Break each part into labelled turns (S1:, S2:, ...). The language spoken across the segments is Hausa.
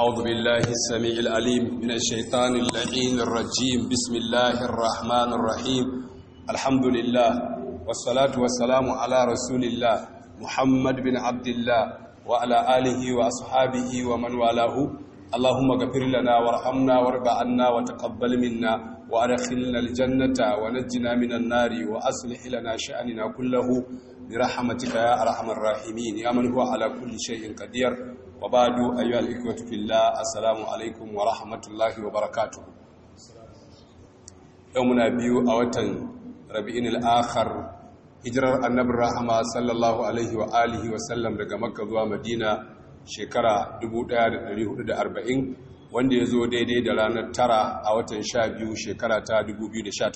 S1: أعوذ بالله السميع العليم من الشيطان اللعين الرجيم بسم الله الرحمن الرحيم الحمد لله والصلاة والسلام على رسول الله محمد بن عبد الله وعلى آله وأصحابه ومن والاه اللهم اغفر لنا وارحمنا وارض عنا وتقبل منا وأدخلنا الجنة ونجنا من النار وأصلح لنا شأننا كله برحمتك يا أرحم الراحمين يا من هو على كل شيء قدير wa ba'du ayyuhal ikhwatu fillah assalamu alaikum wa rahmatullahi wa barakatuh yau muna biyu a watan rabi'in al-akhir hijirar annabi rahama sallallahu alaihi wa alihi wa sallam daga makka zuwa madina shekara 1440 wanda ya zo daidai da ranar tara a watan 12 shekara ta 2018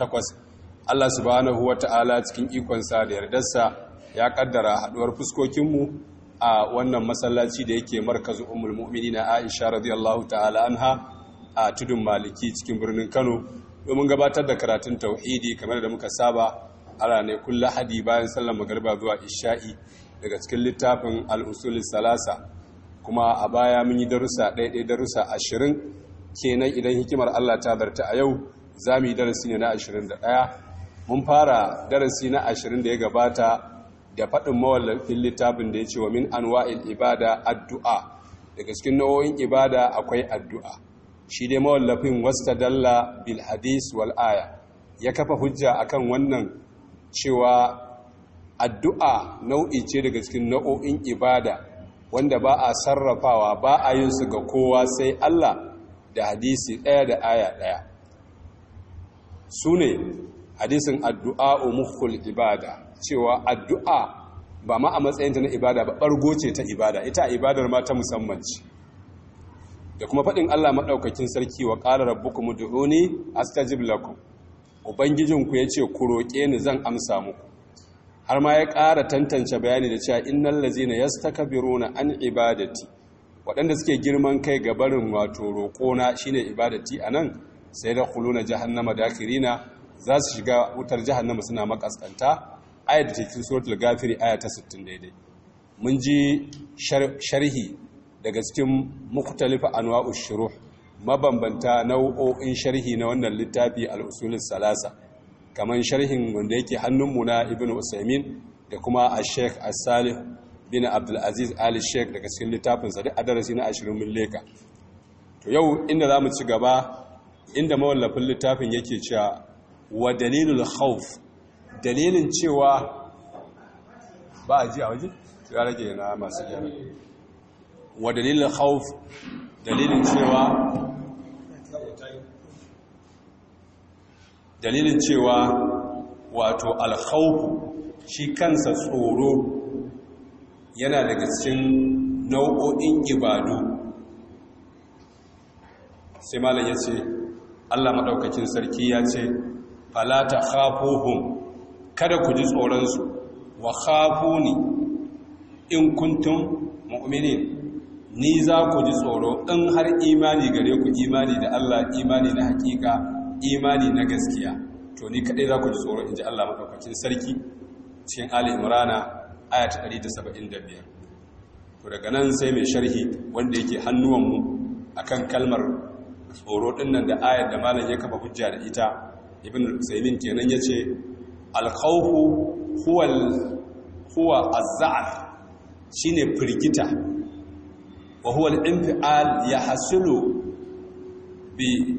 S1: Allah subhanahu wa ta'ala cikin ikonsa da yardarsa ya kaddara haduwar fuskokinmu a wannan masallaci da yake markazu umul mu'minina Aisha radiyallahu ta'ala anha a tudun Maliki cikin birnin Kano domin gabatar da karatun tauhidi kamar da muka saba a ranar kullu hadi bayan sallar magariba zuwa isha'i daga cikin littafin al salasa kuma a baya mun yi darussa ɗaya darussa ashirin kenan idan hikimar Allah ta zarta a yau za mu yi darasi ne na ashirin da ɗaya mun fara darasi na ashirin da ya gabata da faɗin mawallafin littafin da ya ce wa min anwa'il ibada addu'a daga cikin nau'o'in ibada akwai addu'a shi dai mawallafin wasta dalla bil wal’aya wal ya kafa hujja akan wannan cewa addu'a nau'i ce daga cikin nau'o'in ibada wanda ba a sarrafawa ba a yin su ga kowa sai Allah da hadisi ɗaya da aya ɗaya su ne hadisin addu'a umukhul ibada cewa addu'a ba ma a matsayinta na ibada ba bargo ce ta ibada ita ibadar ma ta musamman ce da kuma faɗin Allah maɗaukakin sarki wa ƙara rabbuku mudu'uni astajib lakum ubangijinku ya ce ku roƙe ni zan amsa muku har ma ya ƙara tantance bayani da cewa innal biro yastakbiruna an ibadati waɗanda suke girman kai ga barin wato roƙona shine ibadati a nan, sai da khuluna jahannama dakirina za su shiga wutar jahannama suna makaskanta ayat da cikin suratul gafiri aya ta 60 daidai mun ji sharhi daga cikin mukhtalifa anwa'u shuruh mabambanta nau'o'in sharhi na wannan littafi al-usul salasa kaman sharhin wanda yake mu na ibnu usaymin da kuma al-sheikh as-salih bin abdul aziz ali sheikh daga cikin littafin sa da adarasi na 20 min leka to yau inda zamu ci gaba inda mawallafin littafin yake cewa wa dalilul khawf dalilin cewa ba a ji a waje ya rage na masu gyara wa dalilin hauf dalilin cewa dalilin cewa wato alhaufu shi kansa tsoro yana daga cikin nau'o'in ibadu sai malam ya ce allah maɗaukakin sarki ya ce falata hafohun. kada ku ji tsoronsu wa ni in kuntum mu'minin ni za ku ji tsoro in har imani gare ku imani da Allah imani na hakika imani na gaskiya to ni kadai za ku ji tsoro in ji Allah madaukakin sarki cikin Ali Imran aya 175 to daga nan sai mai sharhi wanda yake hannuwan mu akan kalmar tsoro dinnan da ayar da malam ya kafa hujja da ita ibn Usaymin kenan yace alkhawfu huwa huwa az-za'f shine firgita wa huwa al-infial yahsulu bi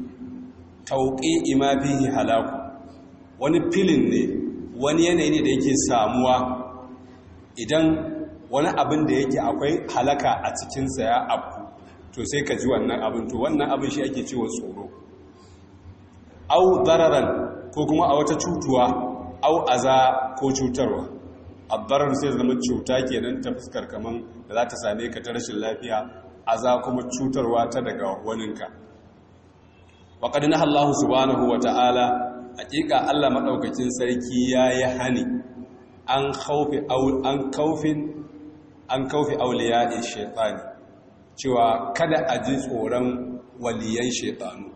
S1: tawqi'i ma bihi halaku wani filin ne wani yanayi ne da yake samuwa idan wani abin da yake akwai halaka a cikinsa ya abu to sai ka ji wannan abin to wannan abin shi ake cewa tsoro au dararan ko kuma a wata cutuwa au aza ko cutarwa abbarar sai zama cuta kenan ta fuskar kaman da za ta same ka ta rashin lafiya aza kuma cutarwa ta daga waninka wa Allahu nahallahu subhanahu wa ta'ala hakika Allah maɗaukakin sarki ya yi hani an kaufi an kaufin an kaufi auliya'i shaitani cewa kada a ji tsoron waliyan shaitanu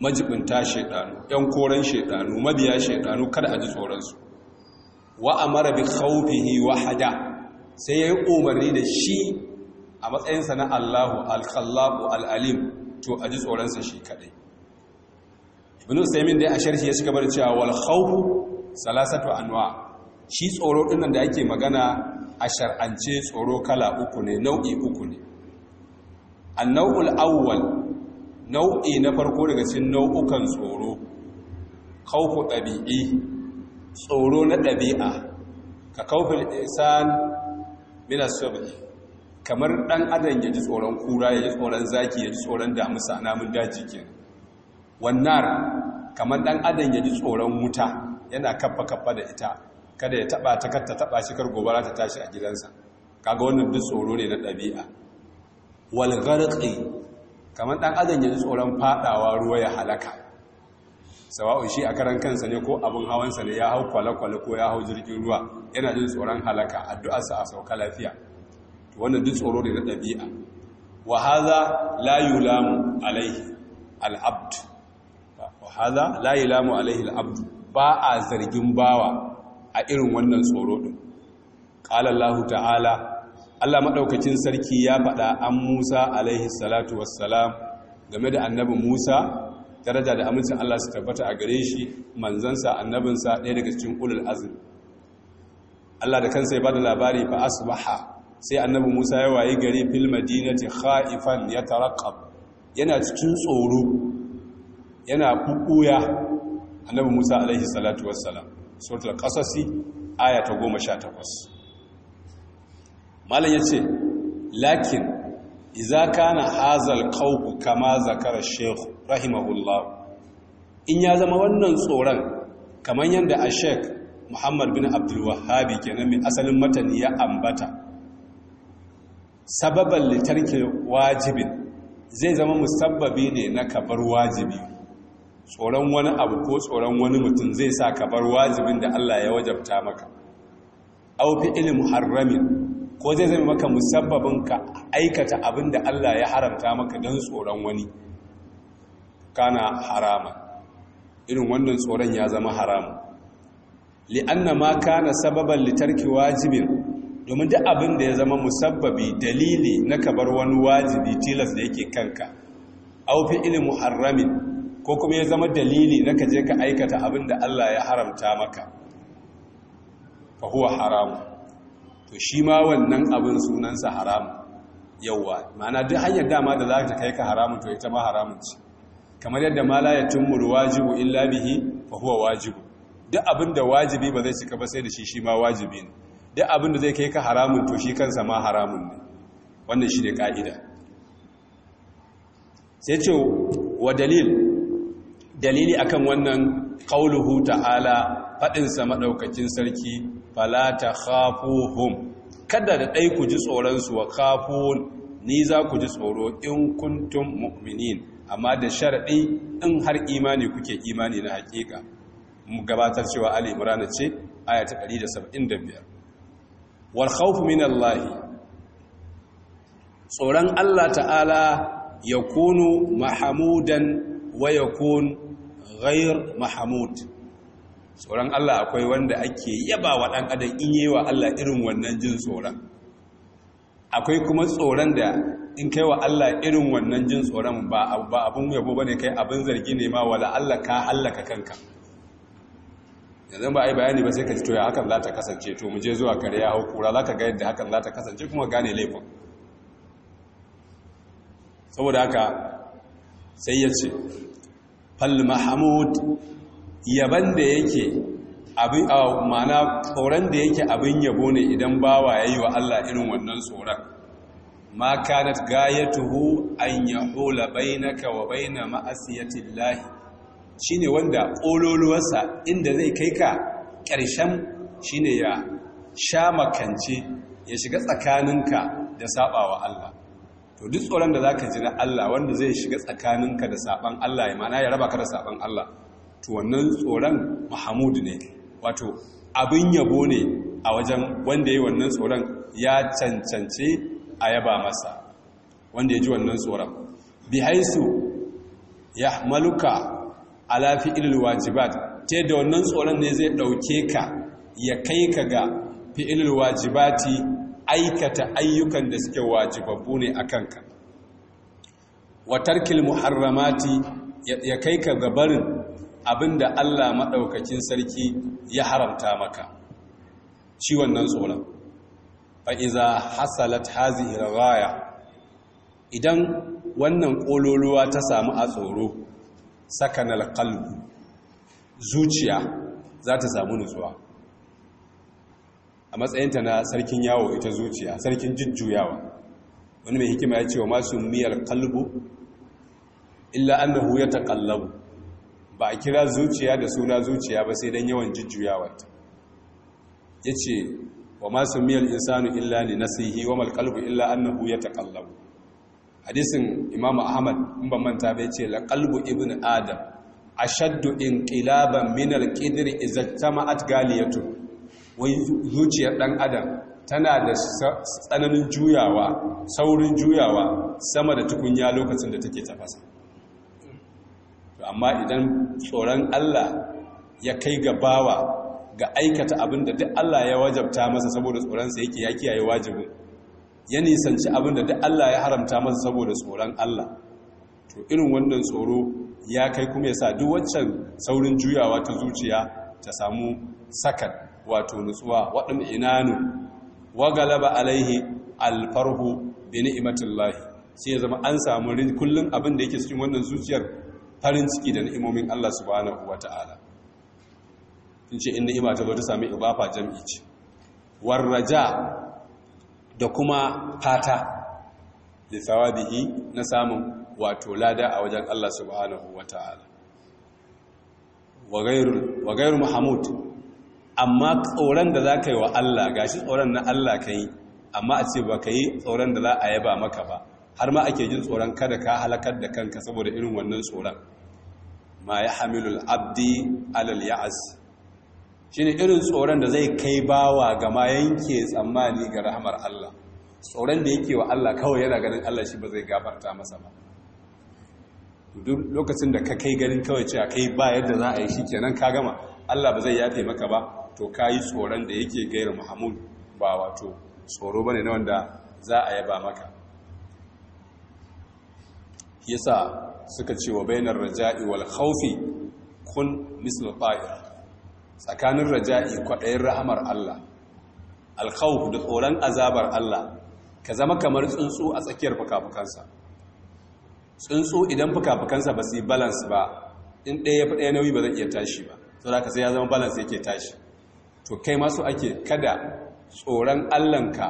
S1: majibinta shaidanu ‘yan koren shaidanu mabiya shaidanu kada a ji tsoronsu wa mara bi wa wahada sai ya yi umarni da shi a matsayinsa na Allahu al alalim to a ji tsoronsa shi kadai Ibn Usaymin dai a sharhi ya shiga bar cewa wal khawfu salasatu anwa shi tsoro dinnan da ake magana a shar'ance tsoro kala uku ne nau'i uku ne an awwal nau'i na farko daga cikin nau'ukan tsoro kaufu ɗabi'i tsoro na ɗabi'a ka kaufin isan mina kamar ɗan adam ya ji tsoron kura ya ji tsoron zaki ya ji tsoron damusa namun daji ke wannan kamar ɗan adam ya ji tsoron wuta yana kaffa-kaffa da ita kada ya taɓa ta katta taɓa shi kar gobara ta tashi a gidansa kaga wannan duk tsoro ne na ɗabi'a wal kamar ɗan adam yanzu tsoron faɗawa ruwa ya halaka sawa'un shi a karan kansa ne ko abin hawansa ne ya hau kwale-kwale ko ya hau jirgin ruwa yana jin tsoron halaka addu'arsa a sauka lafiya wannan duk tsoro ne na ɗabi'a wa haza layu lamu alaihi al'abdu. wa haza layu lamu alaihi al'abdu ba a zargin bawa a irin wannan tsoro din ƙalallahu ta'ala Allah maɗaukacin sarki ya faɗa an Musa alaihi salatu wassalam game da annabi Musa daraja da amincin Allah su tabbata a gare shi manzansa annabinsa ɗaya daga cikin ƙulul azumi. Allah da kansa ya ba da labari fa asbaha sai annabi Musa ya wayi gari fil madinati khaifan yatarqab yana cikin tsoro yana kukuya annabi Musa alaihi salatu wassalam suratul qasasi aya ta 18 malam ya ce lakin iza kana hazal qawmu kama zakara sheikh rahimahullah in ya zama wannan tsoron kamar yadda a sheikh muhammad bin abdulwahabi ke kenan mai asalin matani ya ambata sababan litarki wajibin zai zama musabbabi ne na kabar wajibi tsoron wani abu ko tsoron wani mutum zai sa kabar wajibin da Allah ya wajabta maka aufi ilimin harramin ko zai zama maka musabbabin ka aikata abin da Allah ya haramta maka don tsoron wani kana harama irin wannan tsoron ya zama haramu li'anna ma kana sababan litarki wajibin domin duk abin da ya zama musabbabi dalili na kabar wani wajibi tilas da yake kanka au fi haramin ko kuma ya zama dalili na kaje ka aikata abin da Allah ya haramta maka fa huwa haramu to shi ma wannan abin sunansa haramu yauwa ma'ana duk hanyar dama da za ta kai ka haramun to ita ma haramun ce kamar yadda ma la yatimmu wajibu illa bihi fa huwa wajibu duk abin da wajibi ba zai cika ba sai da shi shi ma wajibi ne duk abin da zai kai ka haramun to shi kansa ma haramun ne wannan shi ne ka'ida sai ce wa dalil dalili akan wannan qauluhu ta'ala faɗinsa maɗaukakin sarki falata khafuhum kada da ɗai ku ji tsoronsu wa khafun ni za ku ji tsoro in kuntum mu'minin amma da sharaɗi in har imani kuke imani na hakika gabatar cewa ali murana ce aya 175 wal khawfu min allah tsoron allah ta'ala ya kunu mahamudan wa yakun ghair mahamud tsoron Allah akwai wanda ake yaba wa ɗan adam in yi wa Allah irin wannan jin tsoron akwai kuma tsoron da in kai wa Allah irin wannan jin tsoron ba abin yabo ba ne kai abin zargi ne ma wala Allah ka hallaka kanka yanzu ba a yi bayani ba sai ka ci toya hakan za ta kasance to mu je zuwa kare ya hau kura za ka ga yadda hakan za ta kasance kuma gane laifin saboda haka sai ya ce fal mahamud yaban da yake abin a ma'ana tsoron da yake abin yabo ne idan bawa yayi wa Allah irin wannan tsoron ma kanat gayatuhu an yahula bainaka wa baina shi shine wanda kololuwarsa inda zai kai ka ƙarshen shine ya sha makance ya shiga tsakaninka da sabawa Allah to duk tsoron da zaka ji na Allah wanda zai shiga tsakaninka da saban Allah ya mana ya raba ka da saban Allah to wannan tsoron Mahmud ne wato abin yabo ne a wajen wanda ya yi wannan tsoron ya cancance a yaba masa wanda ya ji wannan tsoron bi haisu ya maluka alafi ilil wajibat ta da wannan tsoron ne zai ɗauke ka ya kai ka ga fi'ilil wajibati aikata ayyukan da suke wajibabbu ne a kanka watarkil muharramati ya kai ka barin. Abin da Allah maɗaukakin sarki ya haramta maka shi wannan tsoron iza hasalat hazihi raya idan wannan ƙololuwa ta samu a tsoro sakanar kalbu zuciya za ta samu nutsuwa a matsayinta na sarkin yawo ita zuciya sarkin jujjuyawa wani mai hikima ya ce wa masu miyar kalbu illa annahu ya taƙallabu ba a kira zuciya da suna zuciya ba sai don yawan jujjuyawa ya ce wa masu miyar insanu illa ne na sihi wa malkalbu illa annahu ya taƙallabu hadisin imamu ahmad in ban manta bai ce laƙalbu ibn adam a shaddu in ƙilaban minar ƙidiri ya galiyatu wai zuciyar ɗan adam tana da tsananin juyawa saurin juyawa sama da tukunya lokacin da take tafasa amma idan tsoron Allah ya kai gabawa ga aikata abin da duk Allah ya wajabta masa saboda tsoronsa yake ya kiyaye wajibin ya nisanci abin da duk Allah ya haramta masa saboda tsoron Allah to irin wannan tsoro ya kai kuma ya sa duk waccan saurin juyawa ta zuciya ta samu sakat wato nutsuwa waɗin inanu wa galaba alaihi alfarhu bi ni'matillahi sai ya zama an samu kullum abin da yake cikin wannan zuciyar farin ciki da ni'imomin Allah subhanahu ta'ala. in ce in ni'ima ta zo ta sami ibafa jam'i ce warraja da kuma fata da sawabihi na samun wato lada a wajen Allah subhanahu ta'ala wa gairu muhammadu amma tsoron da za ka yi wa Allah gashi tsoron na Allah ka yi amma a ce ba ka yi tsoron da za a yaba maka ba har ma ake jin tsoron kada ka halakar da kanka saboda irin wannan tsoron ma ya hamilul abdi alal shi shine irin tsoron da zai kai bawa gama yanke tsammani ga rahamar Allah tsoron da yake wa Allah kawai yana ganin Allah shi ba zai gafarta masa ba duk lokacin da ka kai ganin kawai cewa kai ba yadda za a yi kenan ka gama Allah ba zai yafe maka ba to ka yi tsoron da yake gaira Muhammadu ba wato tsoro ba ne na wanda za a yaba maka yasa suka ce wa bainar raja'i wal khawfi kun mislu ta'ir tsakanin raja'i kwaɗayin rahamar Allah al khawf da tsoron azabar Allah ka zama kamar tsuntsu a tsakiyar fukafukansa tsuntsu idan fukafukansa ba su yi balance ba in ɗaya ya ɗaya nauyi ba zai iya tashi ba to da ka sai ya zama balance yake tashi to kai masu ake kada tsoron Allahnka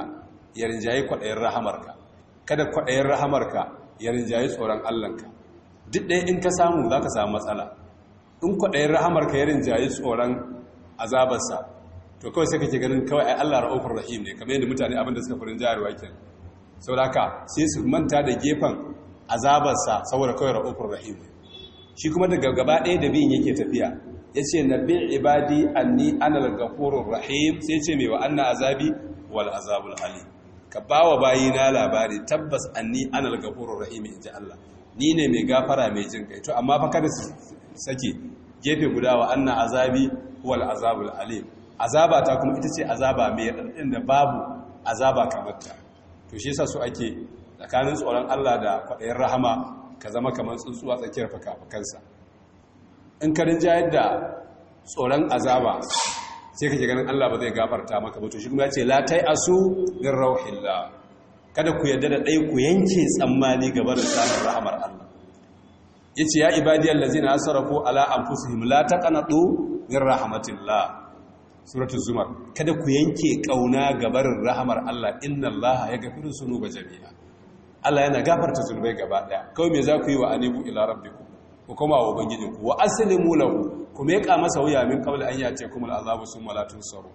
S1: ya rinjaye kwaɗayin rahamarka kada kwaɗayin rahamarka ya rinjaye tsoron Allahnka duk ɗaya in ka samu za ka samu matsala in kwaɗayin rahamar ka yarin jayi tsoron azabarsa to kawai sai kake ganin kawai ai Allah ra'ufur rahim ne kamar yadda mutane abinda suka furin jayarwa sau da ka sai su manta da gefen azabarsa saboda kawai ra'ufur rahim ne shi kuma daga gaba ɗaya da biyin yake tafiya ya ce na bin ibadi anni anal gafurur rahim sai ce mai wa anna azabi wal azabul hali ka ba wa bayina labari tabbas anni anal gafurur rahim in ji Allah ni ne mai gafara mai jin kai to amma fa kada su sake gefe guda wa anna azabi huwal azabul alim azaba ta kuma ita ce azaba mai radadin da babu azaba kamar ta to shi yasa su ake tsakanin tsoron Allah da kwaɗayin rahama ka zama kamar tsuntsuwa tsakiyar fakafakansa in ka rinja yadda tsoron azaba sai kake ganin Allah ba zai gafarta maka ba to shi kuma ya ce la tai asu min rauhillah kada ku yarda da ɗai ku yanke tsammani ga barin samun rahamar Allah Ya ce ya ibadiyal ladzina sarrafo ala anfusihim la yin min la suratul zumar kada ku yanke ƙauna ga barin rahamar Allah Inna ya innallaha yaghfiru ba jami'a Allah yana gafarta zunubai gaba ɗaya. kawai me za ku yi wa anibu ila rabbi ku koma wa ubangijinku wa asali lahu ku meka masa wuya min kawai an kuma al'azabu sun malatun sauro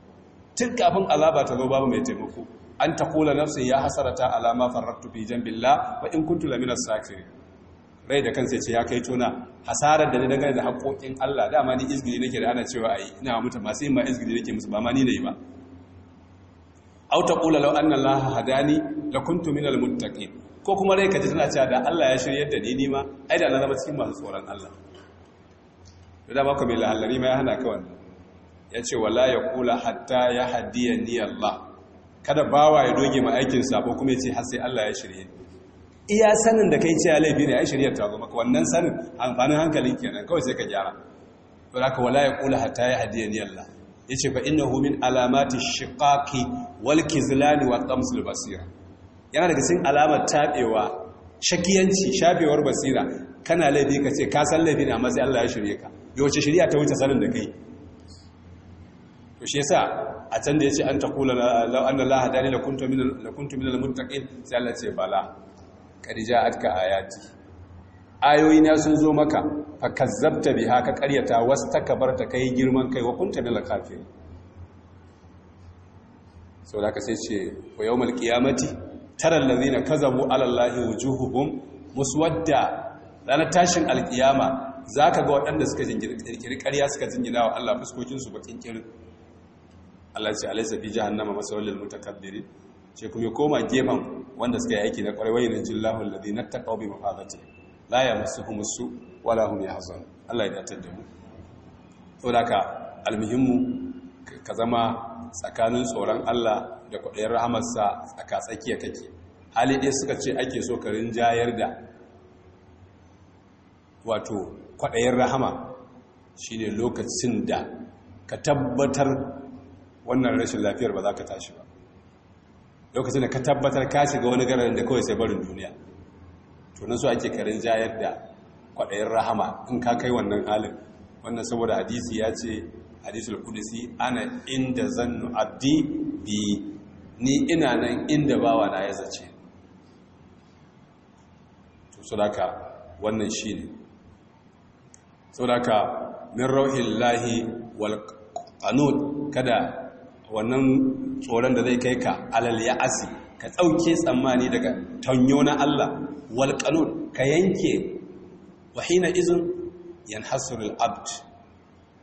S1: tun kafin al'aba ta zo babu mai taimako an kula nafsin ya hasarata alama ma farrattu fi wa in kuntu laminar sakirin rai da kansa ce ya kai tona hasarar da ni dangane da haƙoƙin Allah da ma ni izgiri nake da ana cewa ayi ina mutum masu yin ma izgiri nake musu ba ma ni ne ba aw kula law anna allaha hadani kuntu minal muttaqin ko kuma rai ji tana cewa da Allah ya shirya da ni ni ma ai da na zama cikin masu tsoron Allah da dama ko bai lahallari ma ya hana ka wannan ce, wala kula hatta ya yahdiyani Allah kada bawa ya doge ma aikin sabo kuma ya ce har sai Allah ya shirye iya sanin da kai ce a laifi ne ai shiryar ta maka wannan sanin amfanin hankalin kenan kawai sai ka gyara to haka wala ya kula hatta ya ni Allah yace fa innahu min alamati shiqaqi wal kizlani wa tamsil basira yana daga cikin alamar tabewa shakiyanci shabewar basira kana laifi ka ce ka san laifi ne amma sai Allah ya shirye ka yau ce shirya ta wuce sanin da kai to shi yasa a can da yace an taqula law anna allaha hadani lakuntu min lakuntu min almuttaqin sai Allah ce bala kad ja'atka ayati ayoyi na sun zo maka fa kazzabta biha ka qaryata wastakbarta kai girman kai wa kunta min alkafirin sau da ka sai ce wa yau malkiyamati tarar lalzi na kazabu alallahi wujuhuhum muswadda rana tashin alkiyama za ka ga waɗanda suka jinkiri ƙarya suka jingina wa Allah fuskokinsu bakin kirin Allah ce alaisa fi jahannama masawallil mutakabbirin ce kuma ya koma gefen wanda suka yi aiki na kwarai wayin jillahu alladhina taqaw bi mafazati la yamassuhum su wala ya hazon Allah ya datar da mu saboda ka almuhimmu ka zama tsakanin tsoron Allah da kwaɗayin rahamarsa tsaka tsakiya kake hali ɗaya suka ce ake so karin jayar da wato kwaɗayin rahama shine lokacin da ka tabbatar wannan rashin lafiyar ba za ka tashi ba lokacin da ka tabbatar ka shiga wani garin da kawai sai barin duniya tunan su ake karin jayar da kwaɗayin rahama in ka kai wannan halin wannan saboda hadisi ya ce hadisul kudisi ana inda zannu abdi bi ni ina nan inda bawa na ya zace to sadaka wannan shine sadaka min rauhillahi wal kada wannan tsoron da zai kai ka alal ya asi ka tsauke tsammani daga tanyo na Allah wal ka yanke wahina izin yan al-abd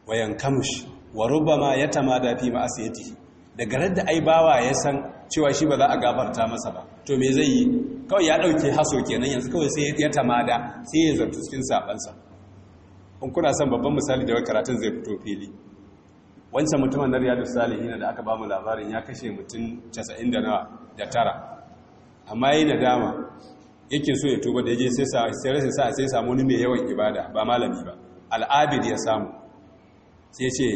S1: wa kamush wa rubama yatamada fi ma'asiyatihi daga radda ai bawa ya san cewa shi ba za a gafarta masa ba to me zai yi kawai ya dauke haso kenan yanzu kawai sai ya tamada sai ya zartu cikin sabansa in kuna son babban misali da karatun zai fito fili wancan mutumin na riyadu salihin da aka ba mu labarin ya kashe mutum 99 amma yi nadama yake so ya tuba da ya je sai rasa sa sai samu wani mai yawan ibada ba malami ba al'abid ya samu sai ce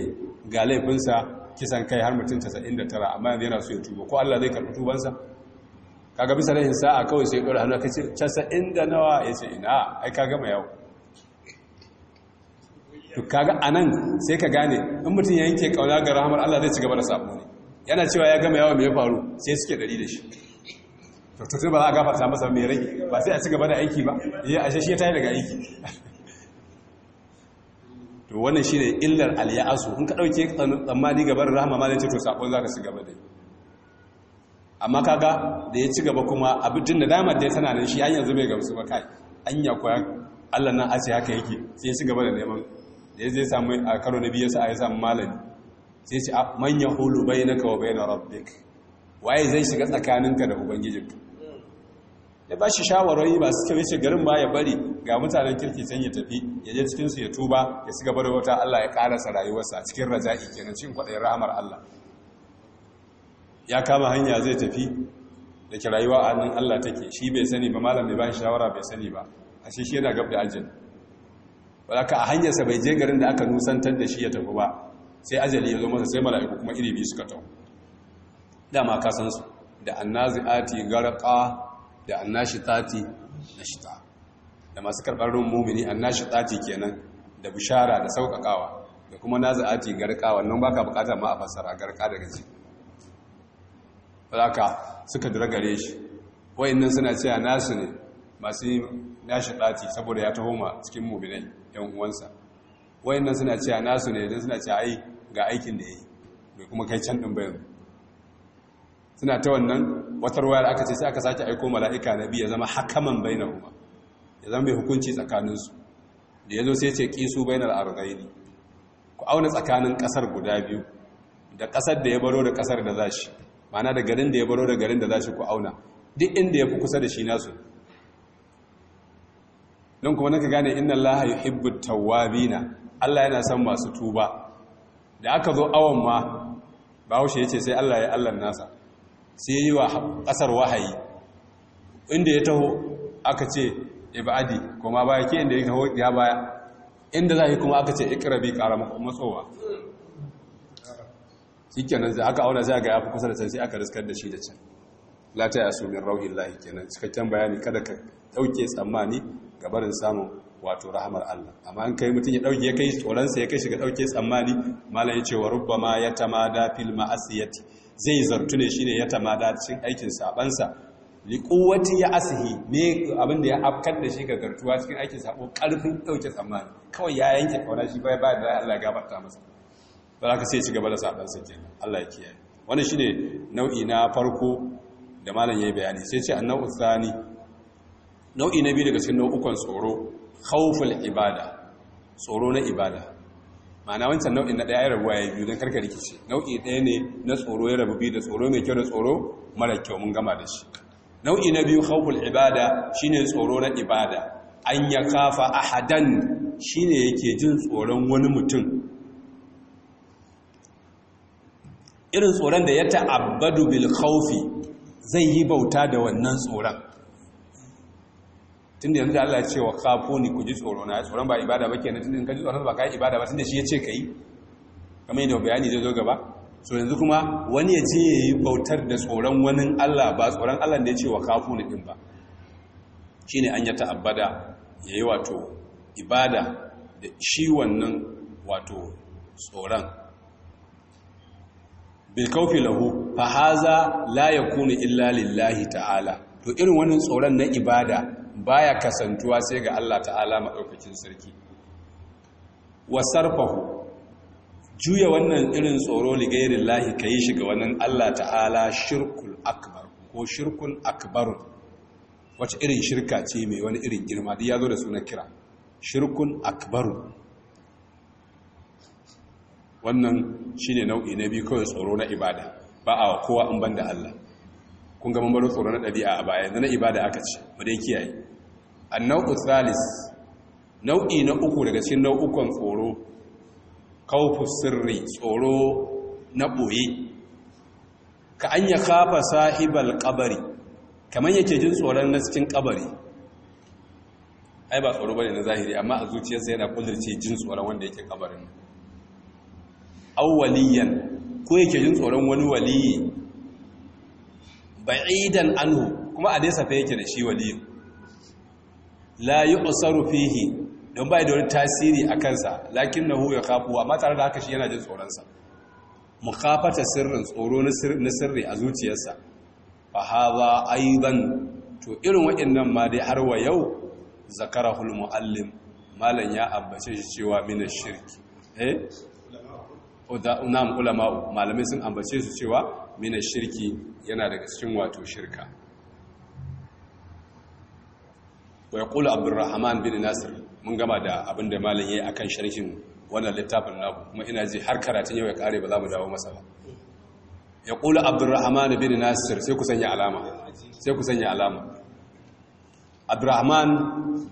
S1: ga laifinsa kisan kai har mutum 99 amma yanzu yana so ya tuba ko Allah zai karɓi tubansa kaga bisa rahin sa'a kawai sai ɗora hannu ka ce da nawa ya ce ina ai ka gama yawon to kaga anan sai ka gane in mutum ya yanke kauna ga rahamar Allah zai ci gaba da sabo ne yana cewa ya gama yawon mai faru sai suke dari da shi to to ba za a gafarta masa mai rai ba sai a ci gaba da aiki ba eh ashe shi ya tayi daga aiki to wannan shine illar al-ya'su in ka dauke tsammani gaban rahama ma zai ce to za ka ci gaba da amma kaga da ya ci gaba kuma abin da damar da ya tana nan shi an yanzu bai gamsu ba kai anya koya Allah nan a ce haka yake sai ya ci gaba da neman da ya zai samu a karo na biyu a ya samu malami sai ce a ah, manya hulu bai na kawo bai na rabbik waye zai shiga tsakaninka da ubangijinka ya ba shi shawarwari ba su kyau ce garin ba ya bari ga mutanen kirki can ya tafi ya je cikinsu ya tuba ya shiga bari wata Allah ya karasa rayuwarsa a cikin raja'i kenan cikin kwaɗayin ra'amar Allah ya kama hanya zai tafi da ke rayuwa a nan Allah take shi bai sani ba malam bai ba shi shawara bai sani ba a shi shi yana gab da aljanna baraka a hanyarsa bai je garin da aka nusantar da shi ya tafi ba sai ajali ya zo masa sai mala'iku kuma iri biyu suka tafi dama ka san su da annazi'ati garqa da annashitati nashita da masu karɓar ruwan mumini tati kenan da bishara da sauƙaƙawa da kuma nazi'ati garqa wannan baka bukata ma a fassara garqa daga ciki baraka suka diragare shi wayannan suna cewa nasu ne masu nashi tati saboda ya taho ma cikin muminai yan uwansa wayannan suna cewa nasu ne dan suna cewa ai ga aikin da yayi bai kuma kai can din bayan. suna ta wannan watar wayar aka ce sai aka sake aiko mala'ika nabi ya zama hakaman bainahuma ya zama mai hukunci tsakaninsu da ya zo sai ce kisu bainar arzaini ku auna tsakanin kasar guda biyu da kasar da ya baro da kasar da zashi ma'ana da garin da ya baro da garin da zashi ku auna duk inda ya fi kusa da shi nasu don kuma naka gane inna ya yuhibbu tawabina Allah yana son masu tuba da aka zo awon ma ya yace sai Allah ya Allah nasa sai yi wa kasar wahayi inda ya taho aka ce ibadi kuma baya ke inda ya baya inda za yi kuma aka ce ikirabi ƙara matsowa shi kenan sai aka auna sai aka yafi kusa da can sai aka riskar da shi da can lata ya yasu min rauhin lahi kenan cikakken bayani kada ka ɗauke tsammani gabarin samun wato rahamar Allah amma an kai mutum ya dauke ya kai tsoronsa ya kai shiga dauke tsammani malam ya ce wa rubbama ya tamada fil ma'asiyati zai zartu ne shine ya tamada cin aikin sabansa li quwwati ya asihi ne abinda ya afkar da shi ga gartuwa cikin aikin sabo karfin dauke tsammani kawai ya yanke kauna shi bai bai da Allah ya gabata masa ba ka sai ci gaba da sabansa kenan Allah ya kiyaye wannan shine nau'i na farko da malam ya yi bayani sai ce annabi usani nau'i na biyu daga cikin nau'ukan tsoro khawful ibada tsoro na ibada ma'ana wancan nau'in na ɗaya rabuwa ya biyu don karka rikici nau'i ɗaya ne na tsoro ya rabu biyu da tsoro mai kyau da tsoro mara kyau mun gama da shi nau'i na biyu khawful ibada shine tsoro na ibada an ya kafa ahadan shine yake jin tsoron wani mutum irin tsoron da ya ta'abbadu bil khawfi zai yi bauta da wannan tsoron tun da yanzu da Allah ce wa ni ku ji tsoro na tsoron ba ibada ba kenan tun da ka ji tsoron ba ka yi ibada ba tun da shi ya ce ka yi kamar yadda bayani zai zo gaba so yanzu kuma wani ya ce ya yi bautar da tsoron wani Allah ba tsoron Allah da ya ce wa ni din ba shi ne an yi ta'abbada ya yi wato ibada da shi wannan wato tsoron bil kaufi lahu fa haza la yakunu illa lillahi ta'ala to irin wannan tsoron na ibada baya kasantuwa sai ga Allah ta'ala maɗaukakin sarki wasarfahu juya wannan irin tsoro ligairin lahi ka yi shi ga wannan Allah ta'ala shirkul akbar ko shirkul akbar wacce irin shirka ce mai wani irin girma duk ya zo da suna kira shirkun akbar wannan shine nau'i na biyu kawai tsoro na ibada ba a kowa in banda Allah kun ga mambarin tsoro na ɗabi'a a baya yanzu na ibada aka ce mu dai kiyaye annau Salis nau'i na uku daga cikin nau'ukan tsoro kawfu sirri tsoro na ɓoye ka an ya kafa sahibar kabari kamar yake jin tsoron na cikin kabari ai ba tsoro bane na zahiri amma a zuciyarsa yana kudurce jin tsoron wanda yake kabarin awwaliyan ko yake jin tsoron wani waliyi ba'idan anhu kuma a nesa fa yake da shi waliyu. la yuqsaru fihi don bai da wani tasiri a kansa lakinnahu yakhafu amma tare da haka shi yana jin tsoronsa. mukhafata sirrin tsoro na sirri a zuciyarsa fa hadha aidan to irin waannan ma dai har wa yau zakarahu almuallim malan ya ambace shi cewa min shirki eh ulama malamai sun ambace su cewa mina shirki yana daga cikin wato shirka wai kula abdurrahman bin nasir mun gama da abin da malin ya yi akan sharhin wannan littafin naku kuma ina ji har karatun yau ya kare ba za mu dawo masa ba ya kula abdurrahman bin nasir sai ku sanya alama sai ku sanya alama abdurrahman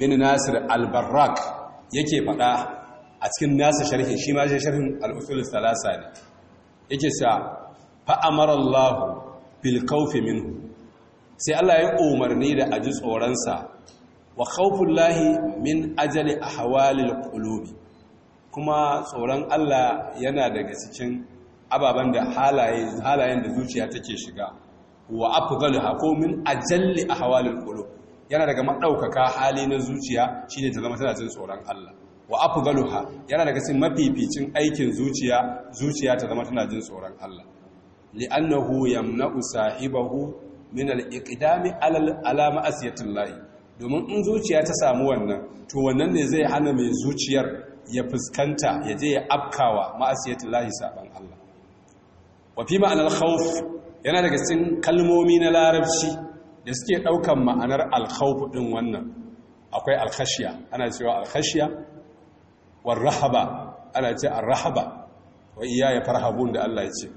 S1: bin nasir albarrak yake faɗa a cikin nasa sharhin shi ma sharhin al'usul salasa ne yake sa fa'amar Allah bilkaufi minhu sai Allah ya umarni da aji tsoronsa wa kaufin lahi min ajali a hawalil kulobi kuma tsoron Allah yana daga cikin ababen da halayen da zuciya take shiga wa afgalu hako min ajali a hawalil kulobi yana daga maɗaukaka hali na zuciya shi ne ta zama tana jin tsoron Allah wa ha yana daga cikin mafificin aikin zuciya zuciya ta zama tana jin tsoron Allah يمنع صاحبه من min على iqdami ala الله domin in zuciya ta samu wannan to wannan ne zai hana mai zuciyar ya fuskanta ya je ya afkawa ma'asiyatillahi saban Allah wa fi ma'anar khawf yana daga cikin kalmomi na larabci da suke daukan ma'anar al-khawf din wannan akwai al-khashiya ana cewa al-khashiya war rahaba ana ce ar-rahaba wa iyaya farhabun da Allah ya ce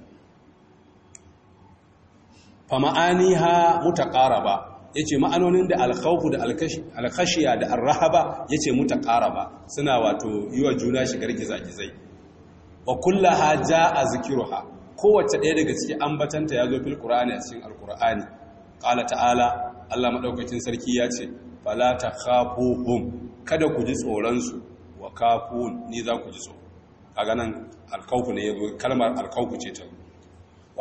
S1: fa ba, ya ce ma'anonin da alkhawfu da alkhashiya da ce mutakara ba. suna wato yiwa juna shigar gizagizai wa a zikiru ha. kowace ɗaya daga cikin ambatanta zo fil ƙura'ani a cikin alƙura'ani ƙala ta'ala Allah maɗaukakin sarki ya yace fala takhafuhum kada ku ji tsoronsu su wa kafun ni za ku ji tsoro kaga nan alkhawfu ne ya zo kalmar alkhawfu ce ta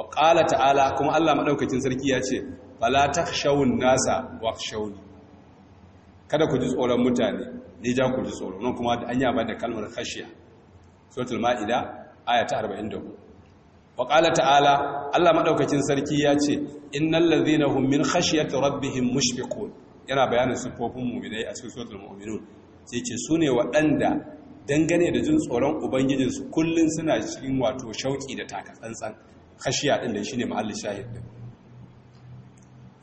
S1: wa ƙala ta'ala kuma Allah maɗaukacin sarki ya ce fala takhshawun nasa wa wakhshawni kada ku ji tsoron mutane ni ja ku ji tsoro nan kuma an yaba da kalmar khashiya suratul maida aya ta 44 wa qala ta'ala Allah madaukakin sarki ya ce innal ladhina hum min khashyati rabbihim mushfiqun yana bayanin sifofin mu'minai a cikin suratul mu'minun sai ce sune waɗanda dangane da jin tsoron ubangijinsu kullun suna cikin wato shauki da takatsantsan khashiya din da shine ma'al shahid din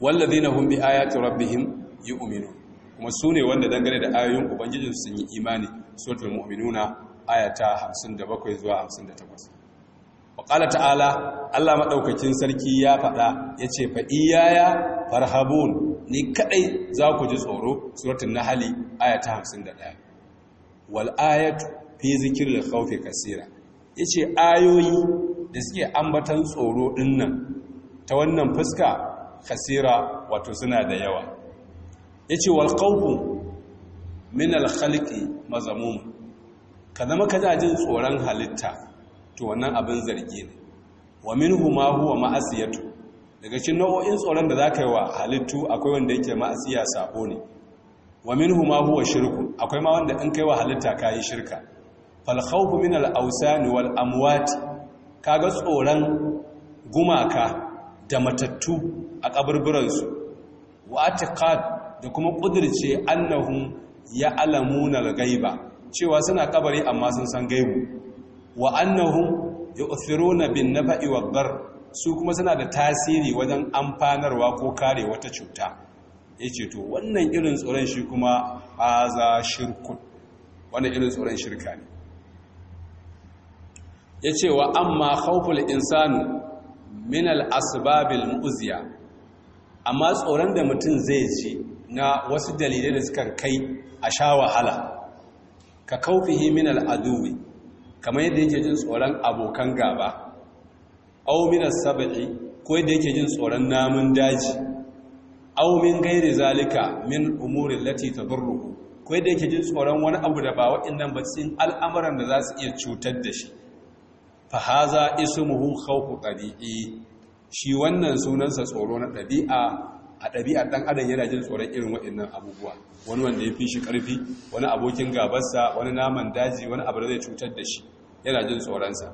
S1: wallazina hum bi ayati rabbihim yu'minun kuma sune wanda dangane da ayoyin ubangijin sun yi imani suratul mu'minuna ayata 57 zuwa 58 wa qala ta'ala Allah madaukakin sarki ya fada yace fa iyaya farhabun ni kaɗai za ku ji tsoro suratul nahl ayata 51 wal ayatu fi zikril khawfi kaseera ya ce ayoyi da suke ambatan tsoro dinnan ta wannan fuska kasira wato suna da yawa ya ce walƙaukun min alhalki mazamun ka zama kana jin tsoron halitta to wannan abin zargi ne wa min huma huwa ma'asiyatu daga cikin nau'o'in tsoron da za ka yi wa halittu akwai wanda yake ma'asiya sabo ne wa min huma huwa shirku akwai ma wanda in kai wa halitta ka yi shirka falkhawfu min al-awsan wal amwat kaga tsoron gumaka da matattu a kaburburan su wa atiqad da kuma kudirce ya alamuna al-ghaiba cewa suna kabari amma sun san gaibu wa annahum yu'thiruna bin na wad su kuma suna da tasiri wajen amfanarwa ko kare wata cuta yace to wannan irin tsoron shi kuma haza shirkun wannan irin tsoron shirka ne ya ce wa amma haukul insanu min al’asibabil asbabil amma tsoron da mutum zai ji na wasu dalilai da suka kai a sha wahala ka hi min al’adubi kamar yadda yake jin tsoron abokan gaba Au min as ko yadda yake jin tsoron namun daji Au min gairi zalika min umurin lati ta tadurruhu ko yadda yake jin tsoron wani abu da ba nan ba cikin al'amuran da za su iya cutar da shi fahaza ismuhu khawfu tabi'i shi wannan sunansa tsoro na ɗabi'a a ɗabi'ar ɗan adam yana jin tsoron irin waɗannan abubuwa wani wanda ya fi shi ƙarfi wani abokin gabarsa wani naman daji wani abu da zai cutar da shi yana jin tsoronsa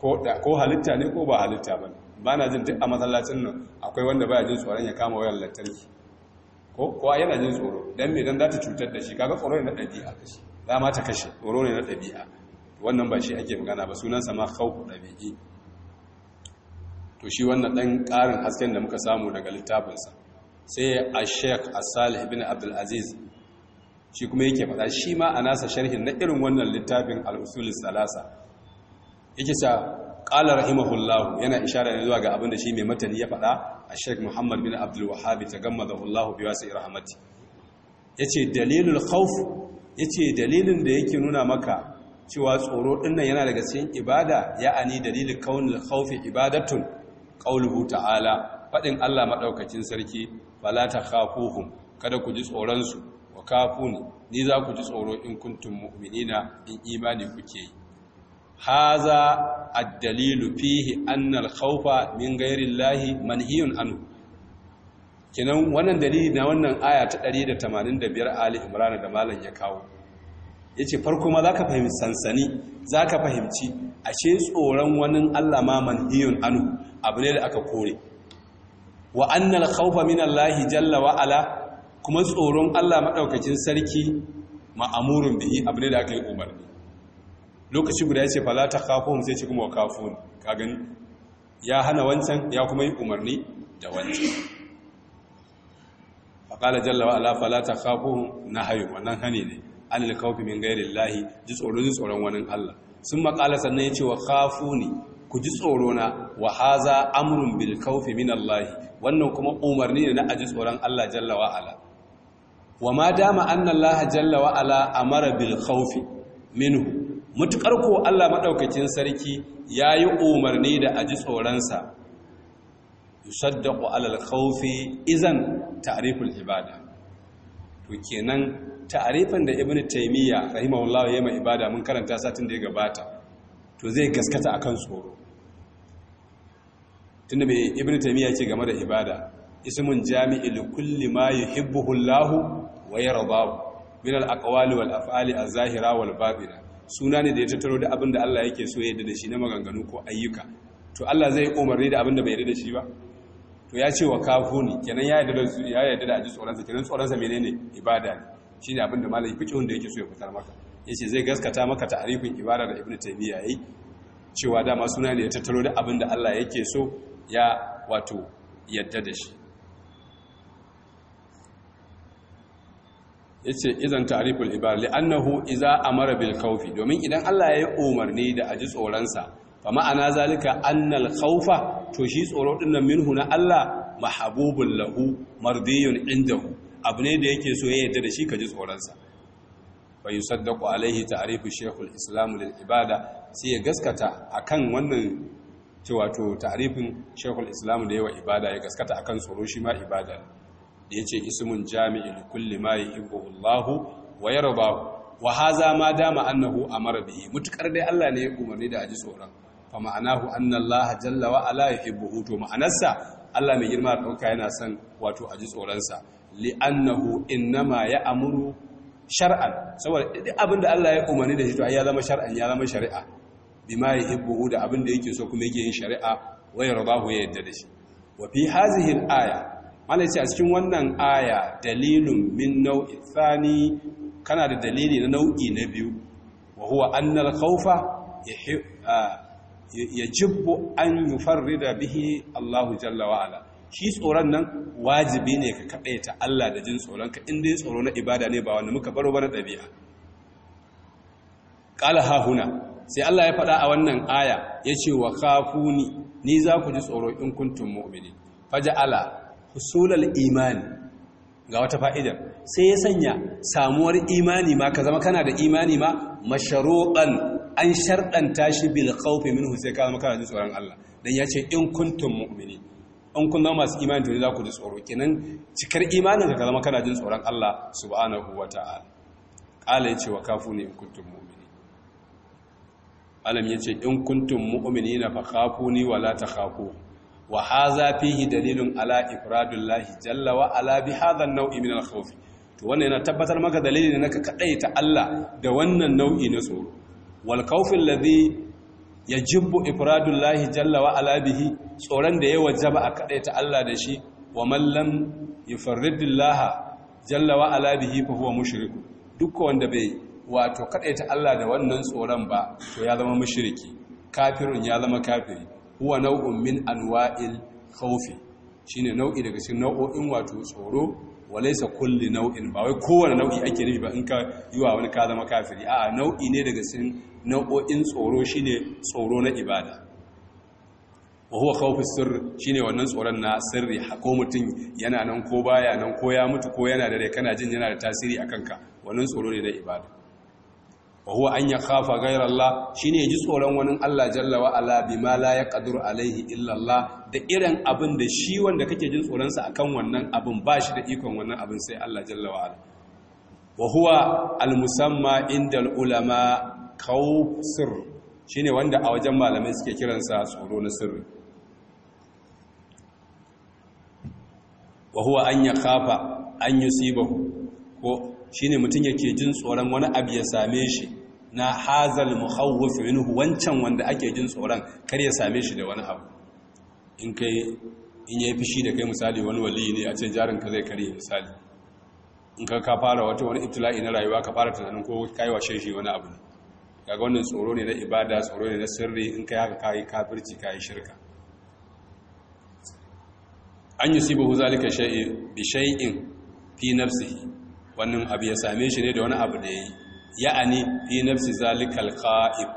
S1: ko halitta ne ko ba halitta ba ba na jin duk a matsalacin nan akwai wanda baya jin tsoron ya kama wayar lantarki ko kowa yana jin tsoro Dan me dan za ta cutar da shi kaga tsoro ne na ɗabi'a za ma ta kashe tsoro ne na ɗabi'a wannan ba shi ake magana ba sunansa ma khawfu dabi'i to shi wannan dan ƙarin hasken da muka samu daga littafinsa sai a sheikh as-salih bin abdul aziz shi kuma yake faɗa shi ma a nasa sharhin na irin wannan littafin al-usulis salasa yake sa qala rahimahullah yana ishara ne zuwa ga abin da shi mai matani ya faɗa a sheikh muhammad bin abdul wahhab tagammadahu allah bi wasi rahmati yace dalilul khawf yace dalilin da yake nuna maka cewa tsoro dinnan yana daga cikin ibada ya'ani dalilin kaunul khawfi ibadatun qauluhu ta'ala fadin Allah madaukakin sarki fala takhafuhum kada ku ji tsoron su wa kafuni ni za ku ji tsoro in kuntum mu'minina in imani kuke haza ad-dalilu fihi anna al-khawfa min ghayri llahi manhiyun anhu kenan wannan dalili na wannan aya ta 185 Ali Imran da malam ya kawo ya ce farko ma za ka fahimci sansani za ka fahimci ashe tsoron wani allah ma manhiyun anu abu ne da aka kore wa annal khawfa min allahi jalla wa ala kuma tsoron allah maɗaukacin sarki ma'amurin bihi abu ne da aka yi umarni lokaci guda ya ce fala ta kafo sai ce kuma wa kafo kagan ya hana wancan ya kuma yi umarni da wancan faƙala jalla wa ala fala ta kafo na hayo wannan hane ne an alkawfi min gairin lahi ji tsoro ji tsoron wani Allah sun makala sannan ya ce wa kafu ne ku ji tsoro na wa haza amurin bil min Allahi wannan kuma umarni ne na aji tsoron Allah jalla wa ala wa ma dama an Allah jalla wa ala amara bil kawfi minhu mutukar ko Allah maɗaukacin sarki ya yi umarni da aji tsoronsa yusaddaqu alal kaufi izan ta'riful ibada to kenan ta'arifan da ibn taymiya Allah ya mai ibada mun karanta satin da ya gabata to zai gaskata akan tsoro tunda mai ibn taymiya ce game da ibada ismun jami'il kulli ma yuhibbuhu Allah wa yardahu min al-aqwali wal af'ali az-zahira wal suna ne da ya tattaro da abin da Allah yake so ya yarda da shi na maganganu ko ayyuka to Allah zai umarni da abin da bai yarda da shi ba to ya ce wa kafuni kenan ya yarda da ya yarda da aji tsoron kenan tsoron sa menene ibada ne shine abin da malami fiqh wanda yake so ya fitar maka yace zai gaskata maka ta'arifin ibada da ibnu taymiya yayi cewa dama suna ne ya tattaro da abin da Allah yake so ya wato yadda da shi yace idan ta'riful ibada li'annahu idza amara bil khawfi domin idan Allah ya yi umarni da aji tsoron sa fa ma'ana zalika annal khawfa to shi tsoro dinnan minhu na Allah mahabubun lahu mardiyun indahu abu ne da yake so ya yadda da shi ka ji tsoronsa bai saddaku alaihi ta'arifu shekul islamu lil ibada sai ya gaskata akan wannan ce wato ta'arifin shekul islamu da yawa ibada ya gaskata akan tsoro shi ma ibada da ya ce ismun jami'in kulli ma yuhibbu Allahu wa yarbahu wa haza ma dama annahu amara bihi mutukar dai Allah ne ya umarni da aji tsoron fa ma'anahu anna Allah jalla wa ala yuhibbu to ma'anarsa Allah mai girma da dauka yana son wato aji tsoron sa li'annahu innama ya amuru shar'an saboda duk abinda Allah ya umarni da shi to ya zama shar'an ya zama shari'a bima buhu da abin da yake so kuma yake yin shari'a wa yardahu ya yadda da shi wa fi hazihi al-aya malai ce a cikin wannan aya dalilun min nau'i thani kana da dalili na nau'i na biyu wa huwa annal khawfa ah, yajibbu an yufarrida bihi Allahu jalla wa ala shi tsoron nan wajibi ne ka kaɗai ta Allah da jin tsoron ka inda yin tsoro na ibada ne ba wanda muka baro ba na ɗabi'a ƙala hahuna sai Allah ya faɗa a wannan aya ya ce wa kafuni ni za ku ji tsoro in kuntun mu'mini faja'ala husulal imani ga wata fa'idar sai ya sanya samuwar imani ma ka zama kana da imani ma masharuɗan an sharɗanta shi bil khawfi min sai ka zama kana jin tsoron Allah dan ya ce in kuntun mu'mini in kun zama masu imani to za ku ji tsoro kenan cikar imanin ka zama kana jin tsoron Allah subhanahu wa ta'ala ya yace wa kafu ne in kuntum mu'mini alam ce in kuntum na fa khafuni wa la takhafu wa fi yi dalilin ala ifradillahi jalla wa ala bi hadha an-naw'i min to wannan yana tabbatar maka dalili ne naka kaɗaita Allah da wannan nau'i na tsoro wal khawf alladhi ya jibbu ifradullahi jalla wa ala bihi tsoron da ya wajaba a kadaita Allah da shi wa mallan lam yufarridillaha jalla wa ala bihi fa huwa duk wanda bai wato kadaita Allah da wannan tsoron ba to ya zama mushriki kafirun ya zama kafiri huwa nau'un min anwa'il khawfi shine nau'i daga cikin nau'o'in wato tsoro walaisa kulli nau'in ba wai kowane nau'i ake nufi ba in ka yiwa wa wani ka zama kafiri a nau'i ne daga cikin nau'o'in tsoro shine tsoro na ibada wa huwa khawfus sirr shine wannan tsoron na sirri ko mutum yana nan ko baya nan ko ya mutu ko yana da rai kana jin yana da tasiri akan ka wannan tsoro ne na ibada wa huwa an yakhafa ghayra Allah shine ya ji tsoron wani Allah jalla wa ala bima la yaqdiru alaihi illa da irin abin da shi wanda kake jin tsoron sa akan wannan abin ba shi da ikon wannan abin sai Allah jalla wa ala wa huwa al musamma inda al ulama khawf sirr shine wanda a wajen malamai suke kiransa tsoro na sirri wa huwa an yakhafa an yusibahu ko shi ne mutum yake jin tsoron wani abu ya same shi na hazal muhawwafi minhu wancan wanda ake jin tsoron kar ya same shi da wani abu in kai in yayi fishi da kai misali wani wali ne a ce jarin ka zai kare misali in ka ka fara wata wani ibtila'i na rayuwa ka fara tunanin ko kai wa shi wani abu ne ga wannan tsoro ne na ibada tsoro ne na sirri in kai haka kayi kafirci kayi shirka an yusibahu zalika shay'in fi nafsihi wannan abu ya same shi ne da wani abu da ya yi ya'ani fi nafsi zalikal qa'ib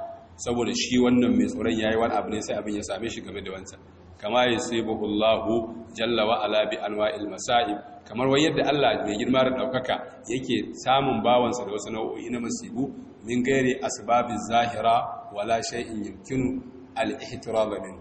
S1: saboda shi wannan mai tsoron yayi wani abu ne sai abin ya same shi game da wancan kama yusibuhu Allahu jalla wa ala bi anwa'il masa'ib kamar wai yadda Allah mai girma da daukaka yake samun bawansa da wasu nau'o'i na masibu min gairi asbabiz zahira wala shay'in yumkinu al-ihtiram min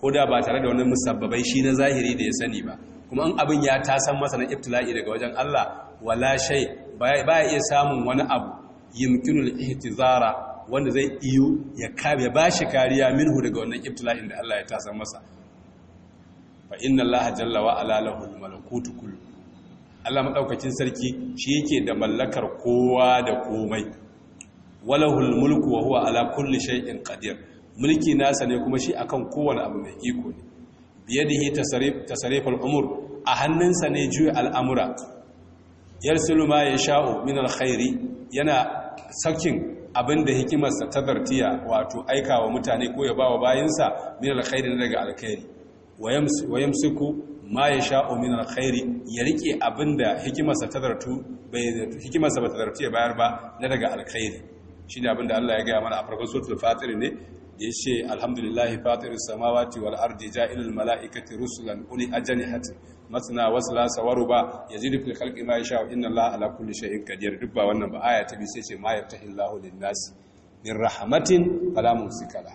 S1: ko da ba tare da wani musabbabai shi na zahiri da ya sani ba kuma in abin ya tasan masa na iftila'i daga wajen Allah wala shay ya iya samun wani abu yumkinul ihtizara wanda zai iyo ya kabe bashi kariya minhu daga wannan iftila'in da Allah ya tasan masa fa inna Allah jalla wa ala lahu malakutu kullu Allah madaukakin sarki shi yake da mallakar kowa da komai walahul mulku wa huwa ala kulli shay'in qadir mulki nasa ne kuma shi akan kowane abu mai iko ne biyadihi tasariful umur a hannunsa ne juya al'amura yarsilu ma ya sha'o min alkhairi yana sakin abinda hikimarsa ta zartiya wato aikawa mutane ko ya bawa bayansa min alkhairi daga alkhairi wa yamsiku ma ya sha'o min alkhairi ya rike abinda hikimarsa ta zartu ba ta zartiya bayar ba na daga alkhairi shi ne abinda Allah ya gaya mana a farkon suratul fatir ne ya ce alhamdulillahi fatir samawati wal ardi ja'ilul mala'ikati rusulan uli ajnihati masna wasla sawaruba yazidu fil khalqi ma yasha inna allaha ala kulli shay'in qadir duk ba wannan ba aya ta bi sai ce ma illahu lin nas min rahmatin fala musikala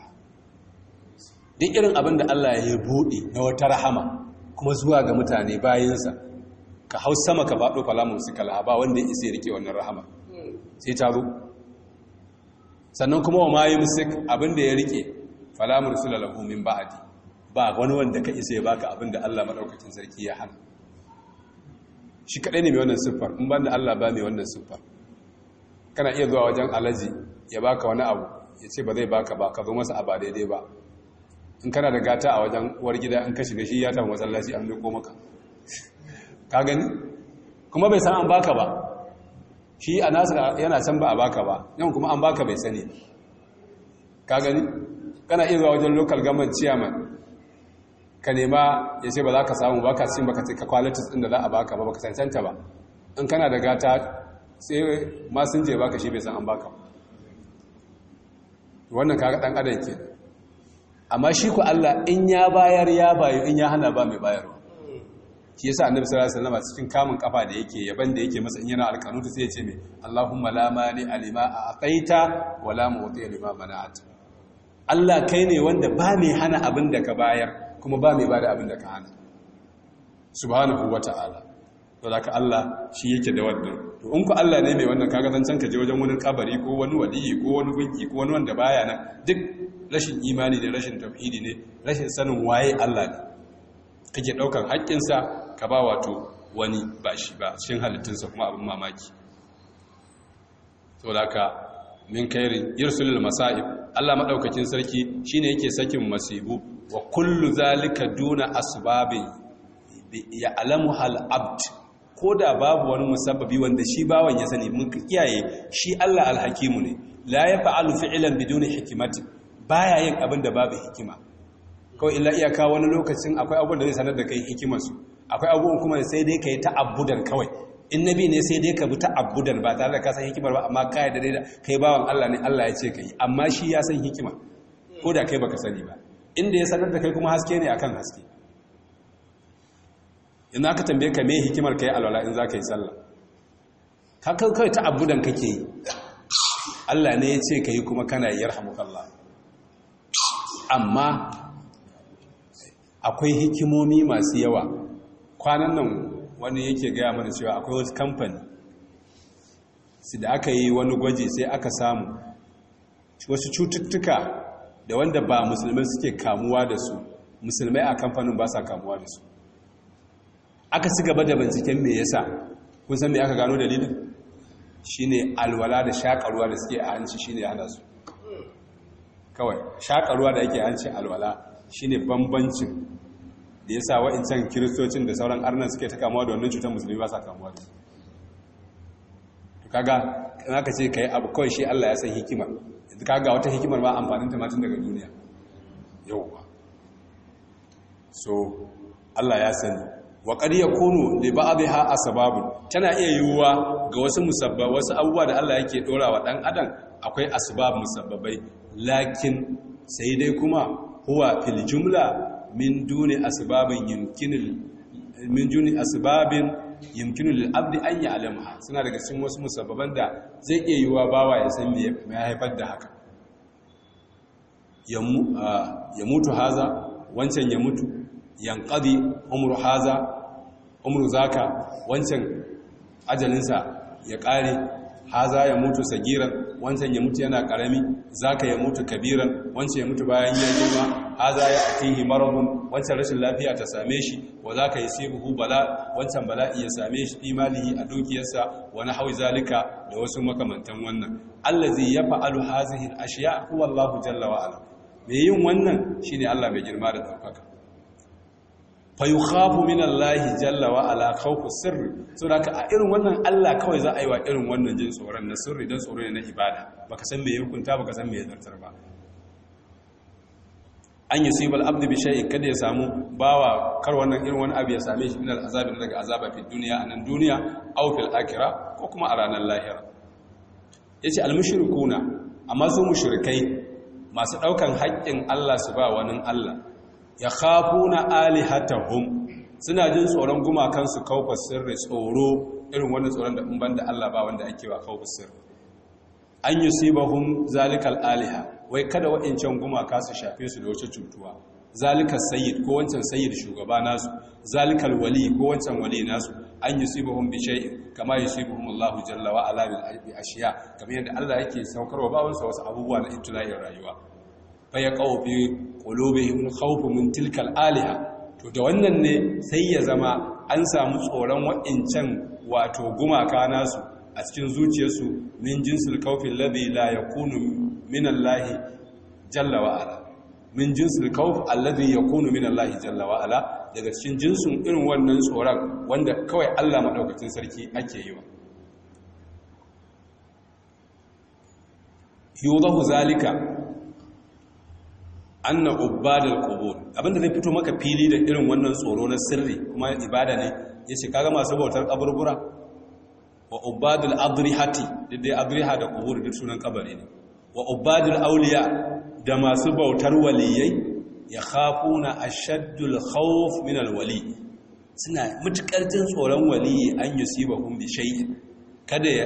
S1: duk irin abin da Allah ya bude na wata rahama kuma zuwa ga mutane sa ka hau sama ka faɗo fala musikala ba wanda ya isa rike wannan rahama sai ta zo sannan kuma wa mayu musik abinda ya rike falamun rasula lahu min ba'adi ba wani wanda ka isa ya baka abinda Allah madaukakin sarki ya hana shi kadai ne mai wannan siffar in banda Allah ba mai wannan siffar kana iya zuwa wajen alaji ya baka wani abu ya ce ba zai baka ba ka zo masa a ba daidai ba in kana da gata a wajen uwar gida in ka shiga shi ya tafi masallaci an ko maka ka gani kuma bai san an baka ba shi a nasu yana san ba a baka ba yan kuma an baka bai sani ka gani kana iya zuwa wajen local government chairman ka nema ya ce ba za ka samu ba ka sin ba ka cika qualities din da za a baka ba ba ka cancanta ba in kana da gata sai masinje baka shi bai san an baka wannan kaga dan adam ke amma shi ku Allah in ya bayar ya bayu in ya hana ba mai bayarwa shi yasa annabi sallallahu alaihi wasallam cikin kamun kafa da yake yaban da yake masa in yana alkanuta sai ya ce mai Allahumma la mani alima aqaita wa la mu'ti alima mana'at Allah kai ne wanda ba mai hana abin da ka bayar kuma ba mai bada abin da ka hana subhanahu ta'ala to da ka Allah shi yake da wannan to in ku Allah ne mai wannan kaga zancan ka je wajen wani kabari ko wani wadi ko wani gunki ko wani wanda baya nan duk rashin imani ne rashin tauhidi ne rashin sanin waye Allah ne kake daukan haƙƙinsa ka ba wato wani ba shi ba cikin halittunsa kuma abin mamaki saboda min kairin irsulul masa'ib Allah madaukakin sarki shine yake sakin masibu wa kullu zalika duna asbabi ya alamu hal abd ko da babu wani musabbabi wanda shi bawan ya sani mun kiyaye shi Allah alhakimu ne la fa'alu fi'lan biduni hikimati baya yin abin babu hikima kawai illa iyaka wani lokacin akwai abin zai sanar da kai hikimarsu akwai abubuwan kuma sai dai ka yi abudan kawai in nabi ne sai dai ka bi abudan ba tare da ka san hikimar ba amma ka yarda da kai bawan Allah ne Allah ya ce ka yi amma shi ya san hikima ko da kai ba ka sani ba inda ya sanar da kai kuma haske ne akan haske Ina ka tambaye ka me hikimar yi alwala in za ka yi sallah ka kai kai ka kake yi Allah ne ya ce ka yi kuma kana yi yarhamukallah amma akwai hikimomi masu yawa kwanan nan wani yake gaya mana cewa akwai wasu kamfani su da aka yi wani gwaji sai aka samu wasu cututtuka da wanda ba musulmai suke kamuwa da su musulmai a kamfanin ba sa kamuwa da su aka ci gaba da binciken me yasa kun san me aka gano dalilin shine alwala da shakarwa da suke a hanci shine hana su kawai shakarwa da yake hanci alwala shine bambancin da ya sa wa'incan kiristocin da sauran arnan suke ta kamuwa da wannan cutar musulmi ba sa kamuwa da su kaga na ka ce ka yi abu kawai shi allah ya san hikimar kaga wata hikimar ba amfanin tamatin daga duniya ba. so allah ya sani wa ya kunu ha a sababu tana iya yiwuwa ga wasu musabba wasu abubuwa da allah yake ɗora wa ɗan adam akwai asbab musabbabai lakin sai dai kuma huwa fil jumla min duni asbabin yumkinul min duni asbabin yumkinul abdi suna daga cikin wasu musabbaban da zai iya yiwa bawa ya san me ya haifar da haka ya mutu haza wancan ya mutu yanqadi umru haza umru zaka wancan ajalinsa ya ƙare. haza ya mutu sagiran wancan ya mutu yana karami zaka ya mutu kabiran wancan ya mutu bayan ya girma haza ya atihi maradun wancan rashin lafiya ta same shi wa zaka yasibuhu bala wancan bala'i ya same shi imalihi a dukiyarsa wa nahwi zalika da wasu makamantan wannan allazi yaf'alu hazihi al ashiya? huwa Allahu jalla wa ala me yin wannan shine Allah mai girma da daukaka fa yukhafu min Allah jalla wa ala sirri so da a irin wannan Allah kawai za a yi wa irin wannan jin tsoron na sirri dan tsoro na ibada baka san me ya hukunta baka san me ya zartar ba an yusibal abdu bi shay'in kada ya samu bawa kar wannan irin wani abu ya same shi min al azabi daga azaba fi dunya anan duniya aw fil akhirah ko kuma a ranar lahira yace al mushrikuna amma su mushrikai masu daukan haƙƙin Allah su ba wani Allah ya hata alihatahum suna jin tsoron gumakansu kaufar sirri tsoro irin wani tsoron da in banda Allah ba wanda ake wa kaufar sirri an yi yusibahum zalikal aliha wai kada wa'incan gumaka su shafe su da wace cutuwa zalikal sayyid ko wancan sayyid shugaba nasu zalikal wali ko wancan wali nasu an yusibahum bi bishai kama yi yusibahum Allahu jalla Jallawa ala bil ashiya kamar yadda Allah yake saukarwa bawansa wasu abubuwa na ibtila'in rayuwa fa fi bi hin haufu min tilkal aliha to da wannan ne sai ya zama an samu tsoron wa'incan wato gumaka nasu a cikin zuciyarsu min jinsul kaufin ladhi la yakunu minallahi jalla wa min jinsul kauf alladhi yakunu jalla wa daga cikin jinsin irin wannan tsoron wanda kawai Allah maɗaukacin sarki ake yi wa yudahu zalika anna ubadal qubur abinda zai fito maka fili da irin wannan tsoro na sirri kuma ibada ne yace kaga masu bautar kaburbura wa ubadul adrihati dai adriha da qubur duk sunan kabari ne wa ubadul auliya da masu bautar waliyai ya khafuna ashaddul khawf min wali suna mutukar jin tsoron waliyi an yusibahum bi shay'in kada ya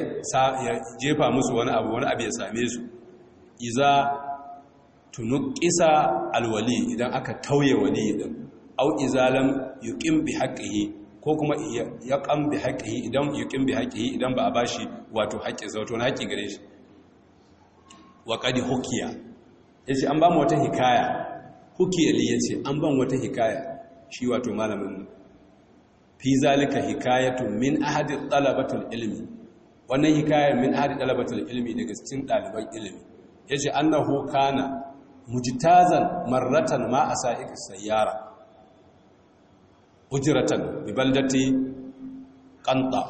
S1: jefa musu wani abu wani abu ya same su iza tunuƙisa alwali idan aka tauye wali idan au izalam yuqim bi haqqihi ko kuma yaqam bi haqqihi idan yuqim bi haqqihi idan ba a bashi wato haƙƙi zauto na haƙƙi gare shi wa qad hukiya yace an ba mu wata hikaya hukiya li yace an ban wata hikaya shi wato malamin fi zalika hikayatu min ahadi talabatul ilimi. wannan hikayar min ahadi talabatul ilimi daga cikin ɗaliban ce yace annahu kana mujtazan marratan ma asa'iq sayyara ujratan bi baldati qanta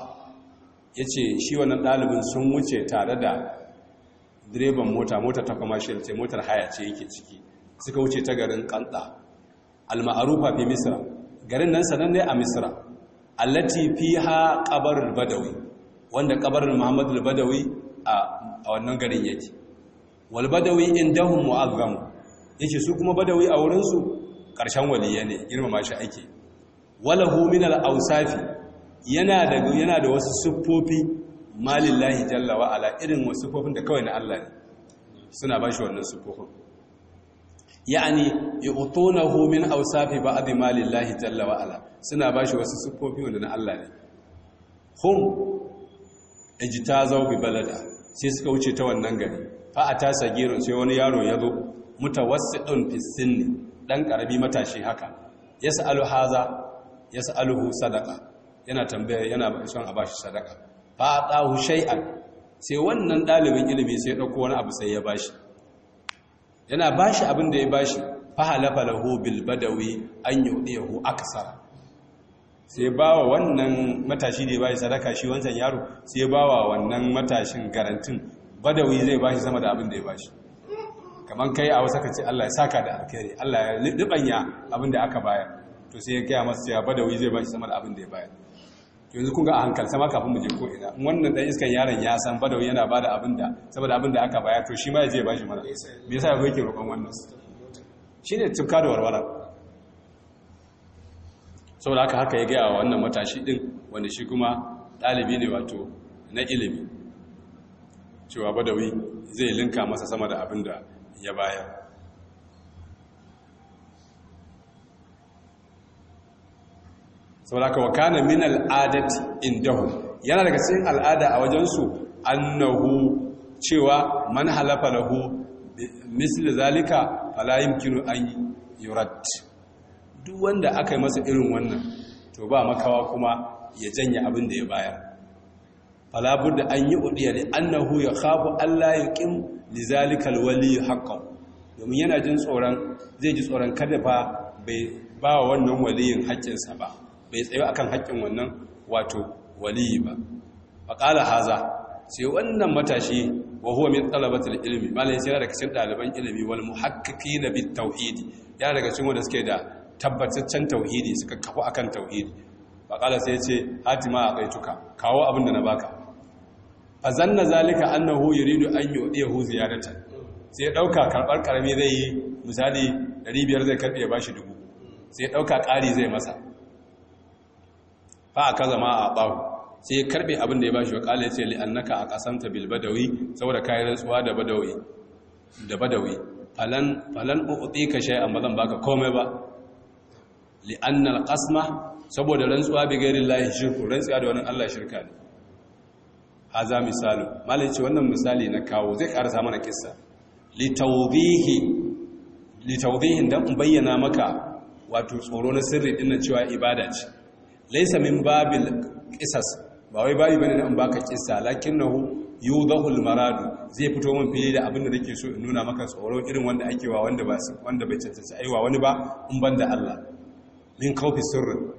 S1: yace shi wannan dalibin sun wuce tare da direban mota mota ta commercial ce motar haya ce yake ciki suka wuce ta garin qanta al-ma'rufa fi misra garin nan ne a misra allati fiha qabrul badawi wanda qabrul muhammadul badawi a wannan garin yake wal badawi indahum mu'azzam yace su kuma badawi a wurin su karshen waliya ne girmama shi ake walahu min al awsafi yana da yana da wasu siffofi malillahi jalla wa ala irin wasu siffofin da kawai na Allah ne suna ba shi wannan siffofin ya'ani yu'tunahu min awsafi ba'd malillahi jalla wa ala suna ba shi wasu siffofi wanda na Allah ne hum ijtazaw bi balada sai suka wuce ta wannan gari fa tasa gero sai wani yaro ya zo mutawassidun fi sinni dan karabi matashi haka yas'alu haza yas'aluhu sadaqa yana tambaya yana son a bashi sadaka fa atahu shay'an sai wannan dalibin ilimi sai dauko wani abu sai ya bashi yana bashi abin da ya bashi fa halafalahu bil badawi an yudihu aksar sai bawa wannan matashi da ya bashi sadaka shi wancan yaro sai bawa wannan matashin garantin badawi zai bashi sama da abin da ya bashi kamar kai a wasa ka ce Allah ya saka da alkhairi Allah ya libanya abin da aka bayar to sai ya kaya masa cewa badawi zai bashi sama da abin da ya bayar yanzu kun ga a hankali sama kafin mu je ko ina wannan dan iskan yaron ya san badawi yana bada abin da saboda abin da aka bayar to shi ma ya je bashi mana me yasa yau yake roƙon wannan shine tufka da warwara saboda haka haka ya gaya wa wannan matashi din wanda shi kuma ɗalibi ne wato na ilimi cewa badawi zai linka masa sama da abin da ya bayar sauraka wa kana min in indahu yana daga cikin al'ada a wajensu annahu cewa man halafa lahu misli zalika falayim yumkinu an yurat. duk wanda aka yi masa irin wannan to ba makawa kuma ya janye abin da ya bayar falabur da an yi udiya da annahu ya khafu Allah ya ƙin lizalikal wali haƙƙan domin yana jin tsoron zai ji tsoron kada ba bai ba wannan waliyin haƙƙinsa ba bai tsayo akan haƙƙin wannan wato waliyi ba faƙala haza sai wannan matashi wa huwa min talabatul ilmi malai sai daga cikin ɗaliban ilimi wal na bit tauhid ya daga cikin wanda suke da tabbataccen tauhidi suka kafu akan tauhidi faƙala sai ce hatima a ƙaituka kawo abin da na baka a zanna zalika annahu yuridu an hu ziyarata sai ya ɗauka karɓar ƙarami zai yi misali 500 zai karɓe ya bashi dubu sai ya ɗauka ƙari zai masa fa kaza zama a ɓahu sai ya karɓe abin da ya bashi wa ƙala ya ce li'annaka a ƙasanta bil badawi saboda kayan rantsuwa da badawi da badawi falan falan u'tika shay'an ba zan baka komai ba li'annal kasma. saboda rantsuwa bi gairin lahi shirku rantsuwa da wani Allah shirka ne haza misalu malai ce wannan misali na kawo zai karasa mana kissa litawdihi dan in bayyana maka wato tsoro na sirri din cewa ibada ce laysa min babil qisas ba wai babi bane in baka kissa lakinnahu yudahul maradu zai fito min fili da abin da nake so in nuna maka tsoro irin wanda ake wa wanda bai cancanci aiwa wani ba in banda Allah min kaufi sirrin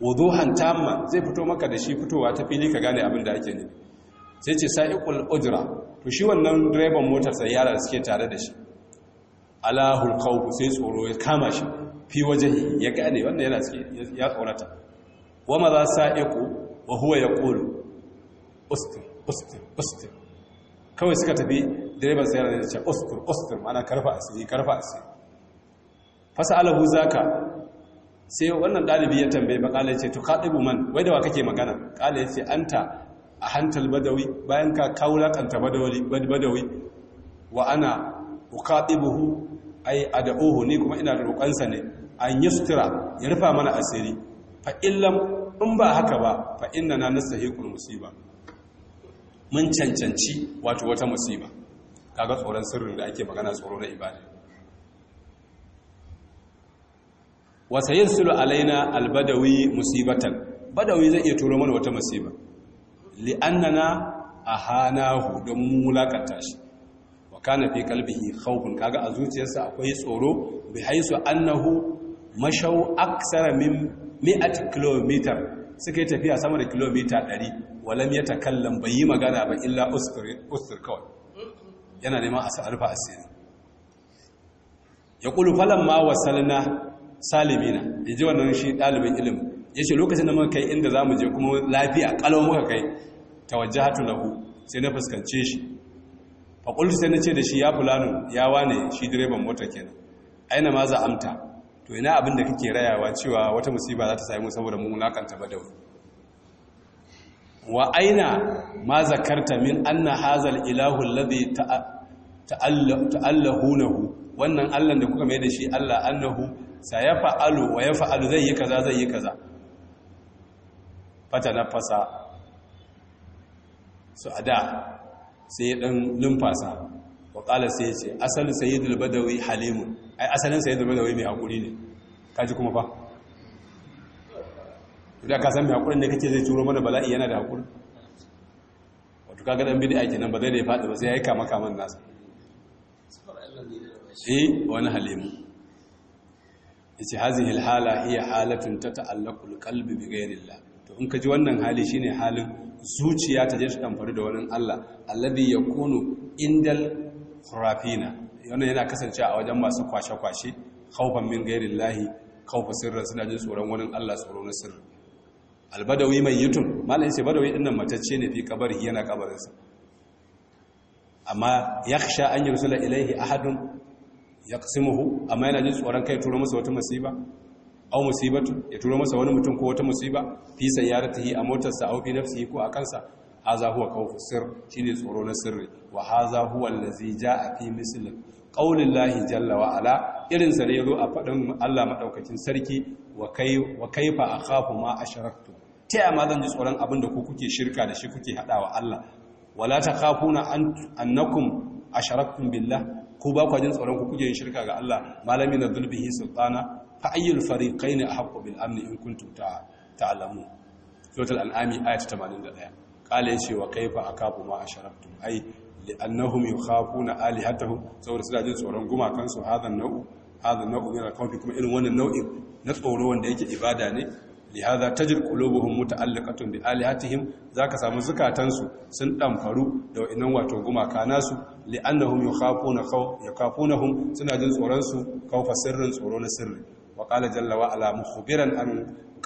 S1: wuduhan tamma zai fito maka da shi fitowa ta fili ka gane abin da ake ne sai ce sa'iqul ujra to shi wannan direban motar sai yara suke tare da shi alahul khawf sai tsoro ya kama shi fi waje ya gane wannan yana ya tsorata wa ma za sa'iqu wa huwa yaqulu ustir ustir ustir kawai suka tafi direban sai ya ce ustir ustir ma'ana karfa asiri karfa asiri fasa alahu zaka sai wannan ɗalibi ya tambaye ba ya ce to man wai da wa kake magana ƙala ya anta a hantal badawi bayan ka kawulaƙanta badawi wa ana ukaɗibuhu ai ada'uhu ni kuma ina da roƙonsa ne an yi sutura ya rufa mana asiri fa illam in ba haka ba fa inna na nastahiqul musiba mun cancanci wato wata musiba ga tsoron sirrin da ake magana tsoro na ibada wa Sulu alaina albadawi musibatan badawi zai iya turo mana wata musiba li'annana hanahu don mu mulakanta shi wa kana fi qalbihi khawfun kaga a zuciyarsa akwai tsoro bi haisu annahu mashau aksara min 100 kilomitar suka yi tafiya sama da kilomita ɗari, walam ya takallam bai yi magana ba illa ustur kawai yana neman a sa'arfa asiri ya kulu falon ma wasalna salimina ya ji wannan shi ɗalibin ilim ya ce lokacin da muka kai inda za mu je kuma lafiya ƙalau muka kai ta wajen hatu hu, sai na fuskance shi faƙultu sai na ce da shi ya fulano ya wane shi direban mota kenan aina ma za amta to ina abin da kake rayawa cewa wata musiba za ta sami mu saboda mun wulakanta badawi wa aina ma zakarta min anna hazal ilahu alladhi ta'allahu wannan allan da kuka mai da shi allah annahu sa ya fa'alu wa ya fa'alu zai yi kaza zai yi kaza fata na fasa su a da sai ɗan lumfasa wa ƙala sai ce asalin da badawi Halimu. ai asalin da badawi mai haƙuri ne ka ji kuma fa da ka san mai haƙurin ne kake zai turo mana bala'i yana da haƙuri wato ka ɗan bidi ake nan ba zai da ya faɗi ba sai ya yi kama kaman nasa eh wani Halimu. yace hazihi alhala hiya halatun tata'allaqu alqalbi bi ghayrillah to in ka ji wannan hali ne halin zuciya ta je ta damfari da wani Allah ya kunu indal khurafina wannan yana kasance a wajen masu kwashe-kwashe khaufan min ghayrillahi khaufa sirra suna jin tsoron wani Allah tsoro na sirri albadawi mai yutun malai sai badawi dinnan matacce ne fi kabari yana kabarinsa amma yakhsha an rusula, ilaihi ahadun ya kasimuhu amma yana jin tsoron kai turo masa wata musiba au musibatu ya turo masa wani mutum ko wata musiba fi sayyaratihi a motarsa au fi nafsihi ko a kansa haza huwa khawfu sir shine tsoro na sirri wa haza huwa allazi jaa fi misl qaulillahi jalla wa ala irin sa ne yazo a fadin Allah madaukakin sarki wa kai wa kaifa akhafu ma asharaktu ta amma zan ji tsoron abin da ku kuke shirka da shi kuke hadawa Allah wala takhafuna annakum asharaktum billah ko ba kwajin tsoron ku kuke yin shirka ga Allah malami na zulbihi sultana fa ayyul fariqaini ahqqu bil amni in kuntum ta'lamu suratul an'ami ayat 81 qala yace wa kaifa akabu ma asharaftum ai annahum yukhafuna alihatahum saboda suna jin tsoron gumakan su hadan nau'u hadan nau'u min kuma irin wannan nau'in na tsoro wanda yake ibada ne lihaza tajid qulubuhum muta'alliqatun bi alihatihim zaka samu zukatansu sun damfaru da wa'inan wato gumaka nasu li'annahum yukhafuna khaw suna jin tsoron su kaufa sirrin tsoro na sirri wa qala jalla wa ala mukhbiran an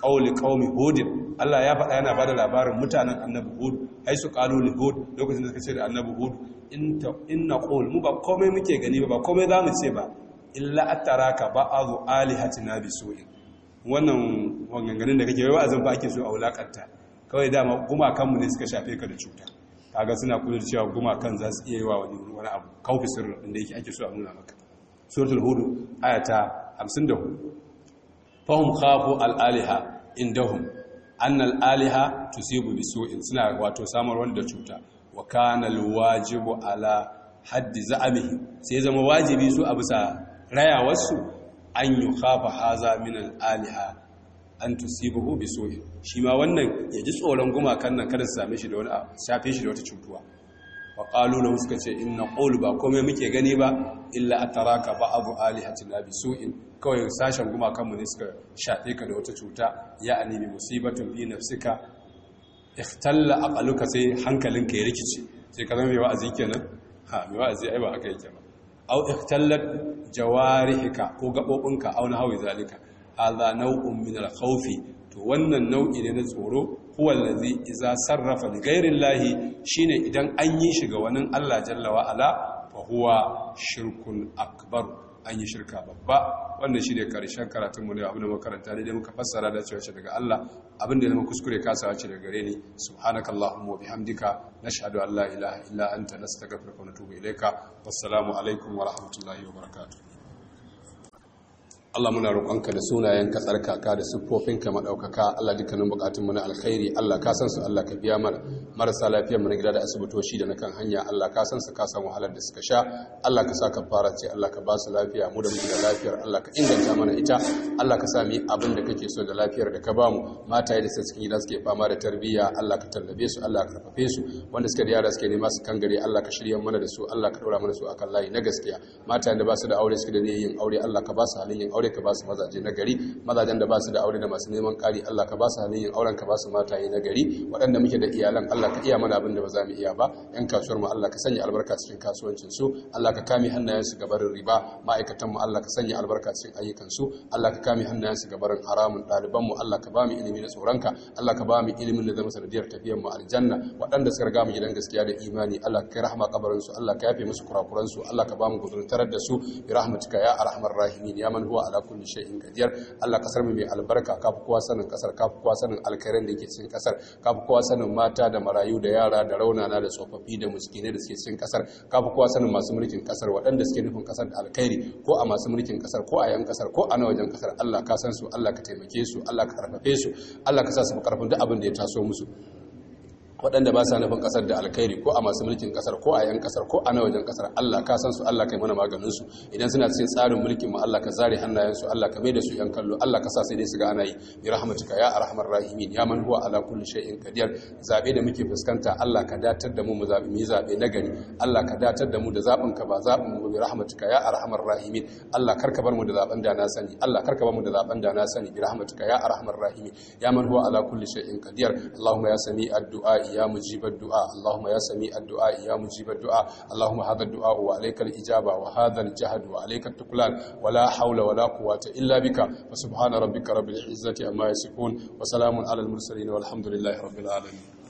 S1: qawli qaumi hud Allah ya faɗa yana bada labarin mutanen annabi hud ai su qalu li hud lokacin da suka ce da annabi hud inta inna qul mu ba komai muke gani ba komai zamu ce ba illa attaraka ba'adhu alihatina bisu'in wannan wanganganin da kake wa'azin ba ake so a wulakanta kawai dama gumakanmu ne suka shafe ka da cuta kaga suna kudur cewa gumakan za su iya yi wa wani abu kawfi sirrin da yake ake so a nuna maka suratul hudu ayata 54 Fahim khafu al-aliha indahum anna al-aliha so in suna wato samar wani da cuta wa kana wajibu ala haddi za'amihi sai zama wajibi su a bisa rayawarsu an yi hafa haza minan aliha an buhu bi so'i shi ma wannan ya ji tsoron gumakan nan kada su same shi da wani shafe shi da wata cutuwa ba qalu lahu suka ce ina ƙolu ba komai muke gani ba illa a abu ba'dhu alihatina bi su'in kawai sashen gumakan mu ne suka shafe ka da wata cuta ya nemi musibatun bi na nafsika ikhtalla aqaluka sai hankalinka ya rikice sai ka zama mai wa'azi kenan ha mai wa'azi ai ba haka yake ba au ikhtallat jawarihika ko gabobinka au na hawi zalika hadha nau'un min al-khawf to wannan nau'i ne na tsoro huwa allazi iza sarrafa li ghairi llahi shine idan an yi shi ga wani Allah jalla wa ala fa huwa shirkun akbar an yi shirka babba wannan shi ne karshen karatun mu ne abin da makaranta ne da muka fassara da cewa daga Allah abin da kuskure kasawa ce daga gare ni subhanakallahumma wa bihamdika nashhadu an la ilaha illa anta nastaghfiruka wa natubu ilayka wassalamu alaikum wa rahmatullahi wa barakatuh Allah muna roƙonka da sunayen ka kaka da siffofin ka madaukaka Allah dukkanin bukatun mu na alkhairi Allah ka san su Allah ka biya mana marasa lafiyar mu na gida da asibitoci da na kan hanya Allah ka san su ka san wahalar da suka sha Allah ka sa ka fara ce Allah ka ba su lafiya mu da mu da lafiyar Allah ka inganta mana ita Allah ka sa mu abin da kake so da lafiyar da ka ba mu mata da suke cikin gida suke fama da tarbiyya Allah ka tallabe su Allah ka karfafe su wanda suka da yara suke nema su kan gare Allah ka shirya mana da su Allah ka daura mana su akan layi na gaskiya mata da ba su da aure suke da yin aure Allah ka ba su halin yin aure aure ka ba su mazaje na gari mazajen da ba su da aure da masu neman kari Allah ka ba su halin auren ka ba su yi na gari waɗanda muke da iyalan Allah ka iya mana abin da ba za mu iya ba yan kasuwar mu Allah ka sanya albarka cikin kasuwancin su Allah ka kame hannayen su gabarin riba ma'aikatan mu Allah ka sanya albarka cikin ayyukan su Allah ka kame hannayen su gabarin haramun ɗaliban mu Allah ka ba mu ilimi na tsoronka Allah ka ba mu ilimin da zama sanadiyar tafiyar mu aljanna waɗanda suka riga mu gidan gaskiya da imani Allah ka rahama kabarin su Allah ka yafe musu kurakuran su Allah ka ba mu gudun tarar da su bi rahmatika ya arhamar rahimin ya man huwa ala kulli shay'in qadir Allah kasar mu mai albarka kafi kowa sanin kasar kafi kowa sanin alkhairin da yake cikin kasar kafi kowa sanin mata da marayu da yara da raunana da tsofaffi da muskine da suke cikin kasar kafi kowa sanin masu mulkin kasar waɗanda suke nufin kasar da alkhairi ko a masu mulkin kasar ko a yan kasar ko a na wajen kasar Allah ka san su Allah ka taimake su Allah ka karfafe su Allah ka sa su karfin duk abin da ya taso musu waɗanda ba sa nufin ƙasar da alkhairi ko a masu mulkin ƙasar ko a 'yan ƙasar ko a na wajen ƙasar Allah ka san su Allah kai mana maganin su idan suna cikin tsarin mulkin mu Allah ka zare hannayen su Allah ka mai da su 'yan kallo Allah ka sa sai dai su ga ana yi bi rahmatika ya arhamar rahimin ya man huwa ala kulli shay'in qadir zabe da muke fuskanta Allah ka datar da mu mu zabe mu zabe na gari Allah ka datar da mu da zaben ka ba zaben mu bi rahmatika ya arhamar rahimin Allah kar ka bar mu da zaben da na sani Allah kar ka bar mu da zaben da na sani bi rahmatika ya arhamar rahimin ya man huwa ala kulli shay'in qadir Allahumma ya sami addu'ai ya mujibar du'a Allahumma ya sami addu'a ya mujibar du'a Allahumma hadha du'a wa alaykal ijaba wa jahadu al-jahd wa alaykat tuklan wa la hawla wa illa bika fa subhana rabbika rabbil izzati amma yasifun wa salamun ala al-mursalin walhamdulillahi rabbil alamin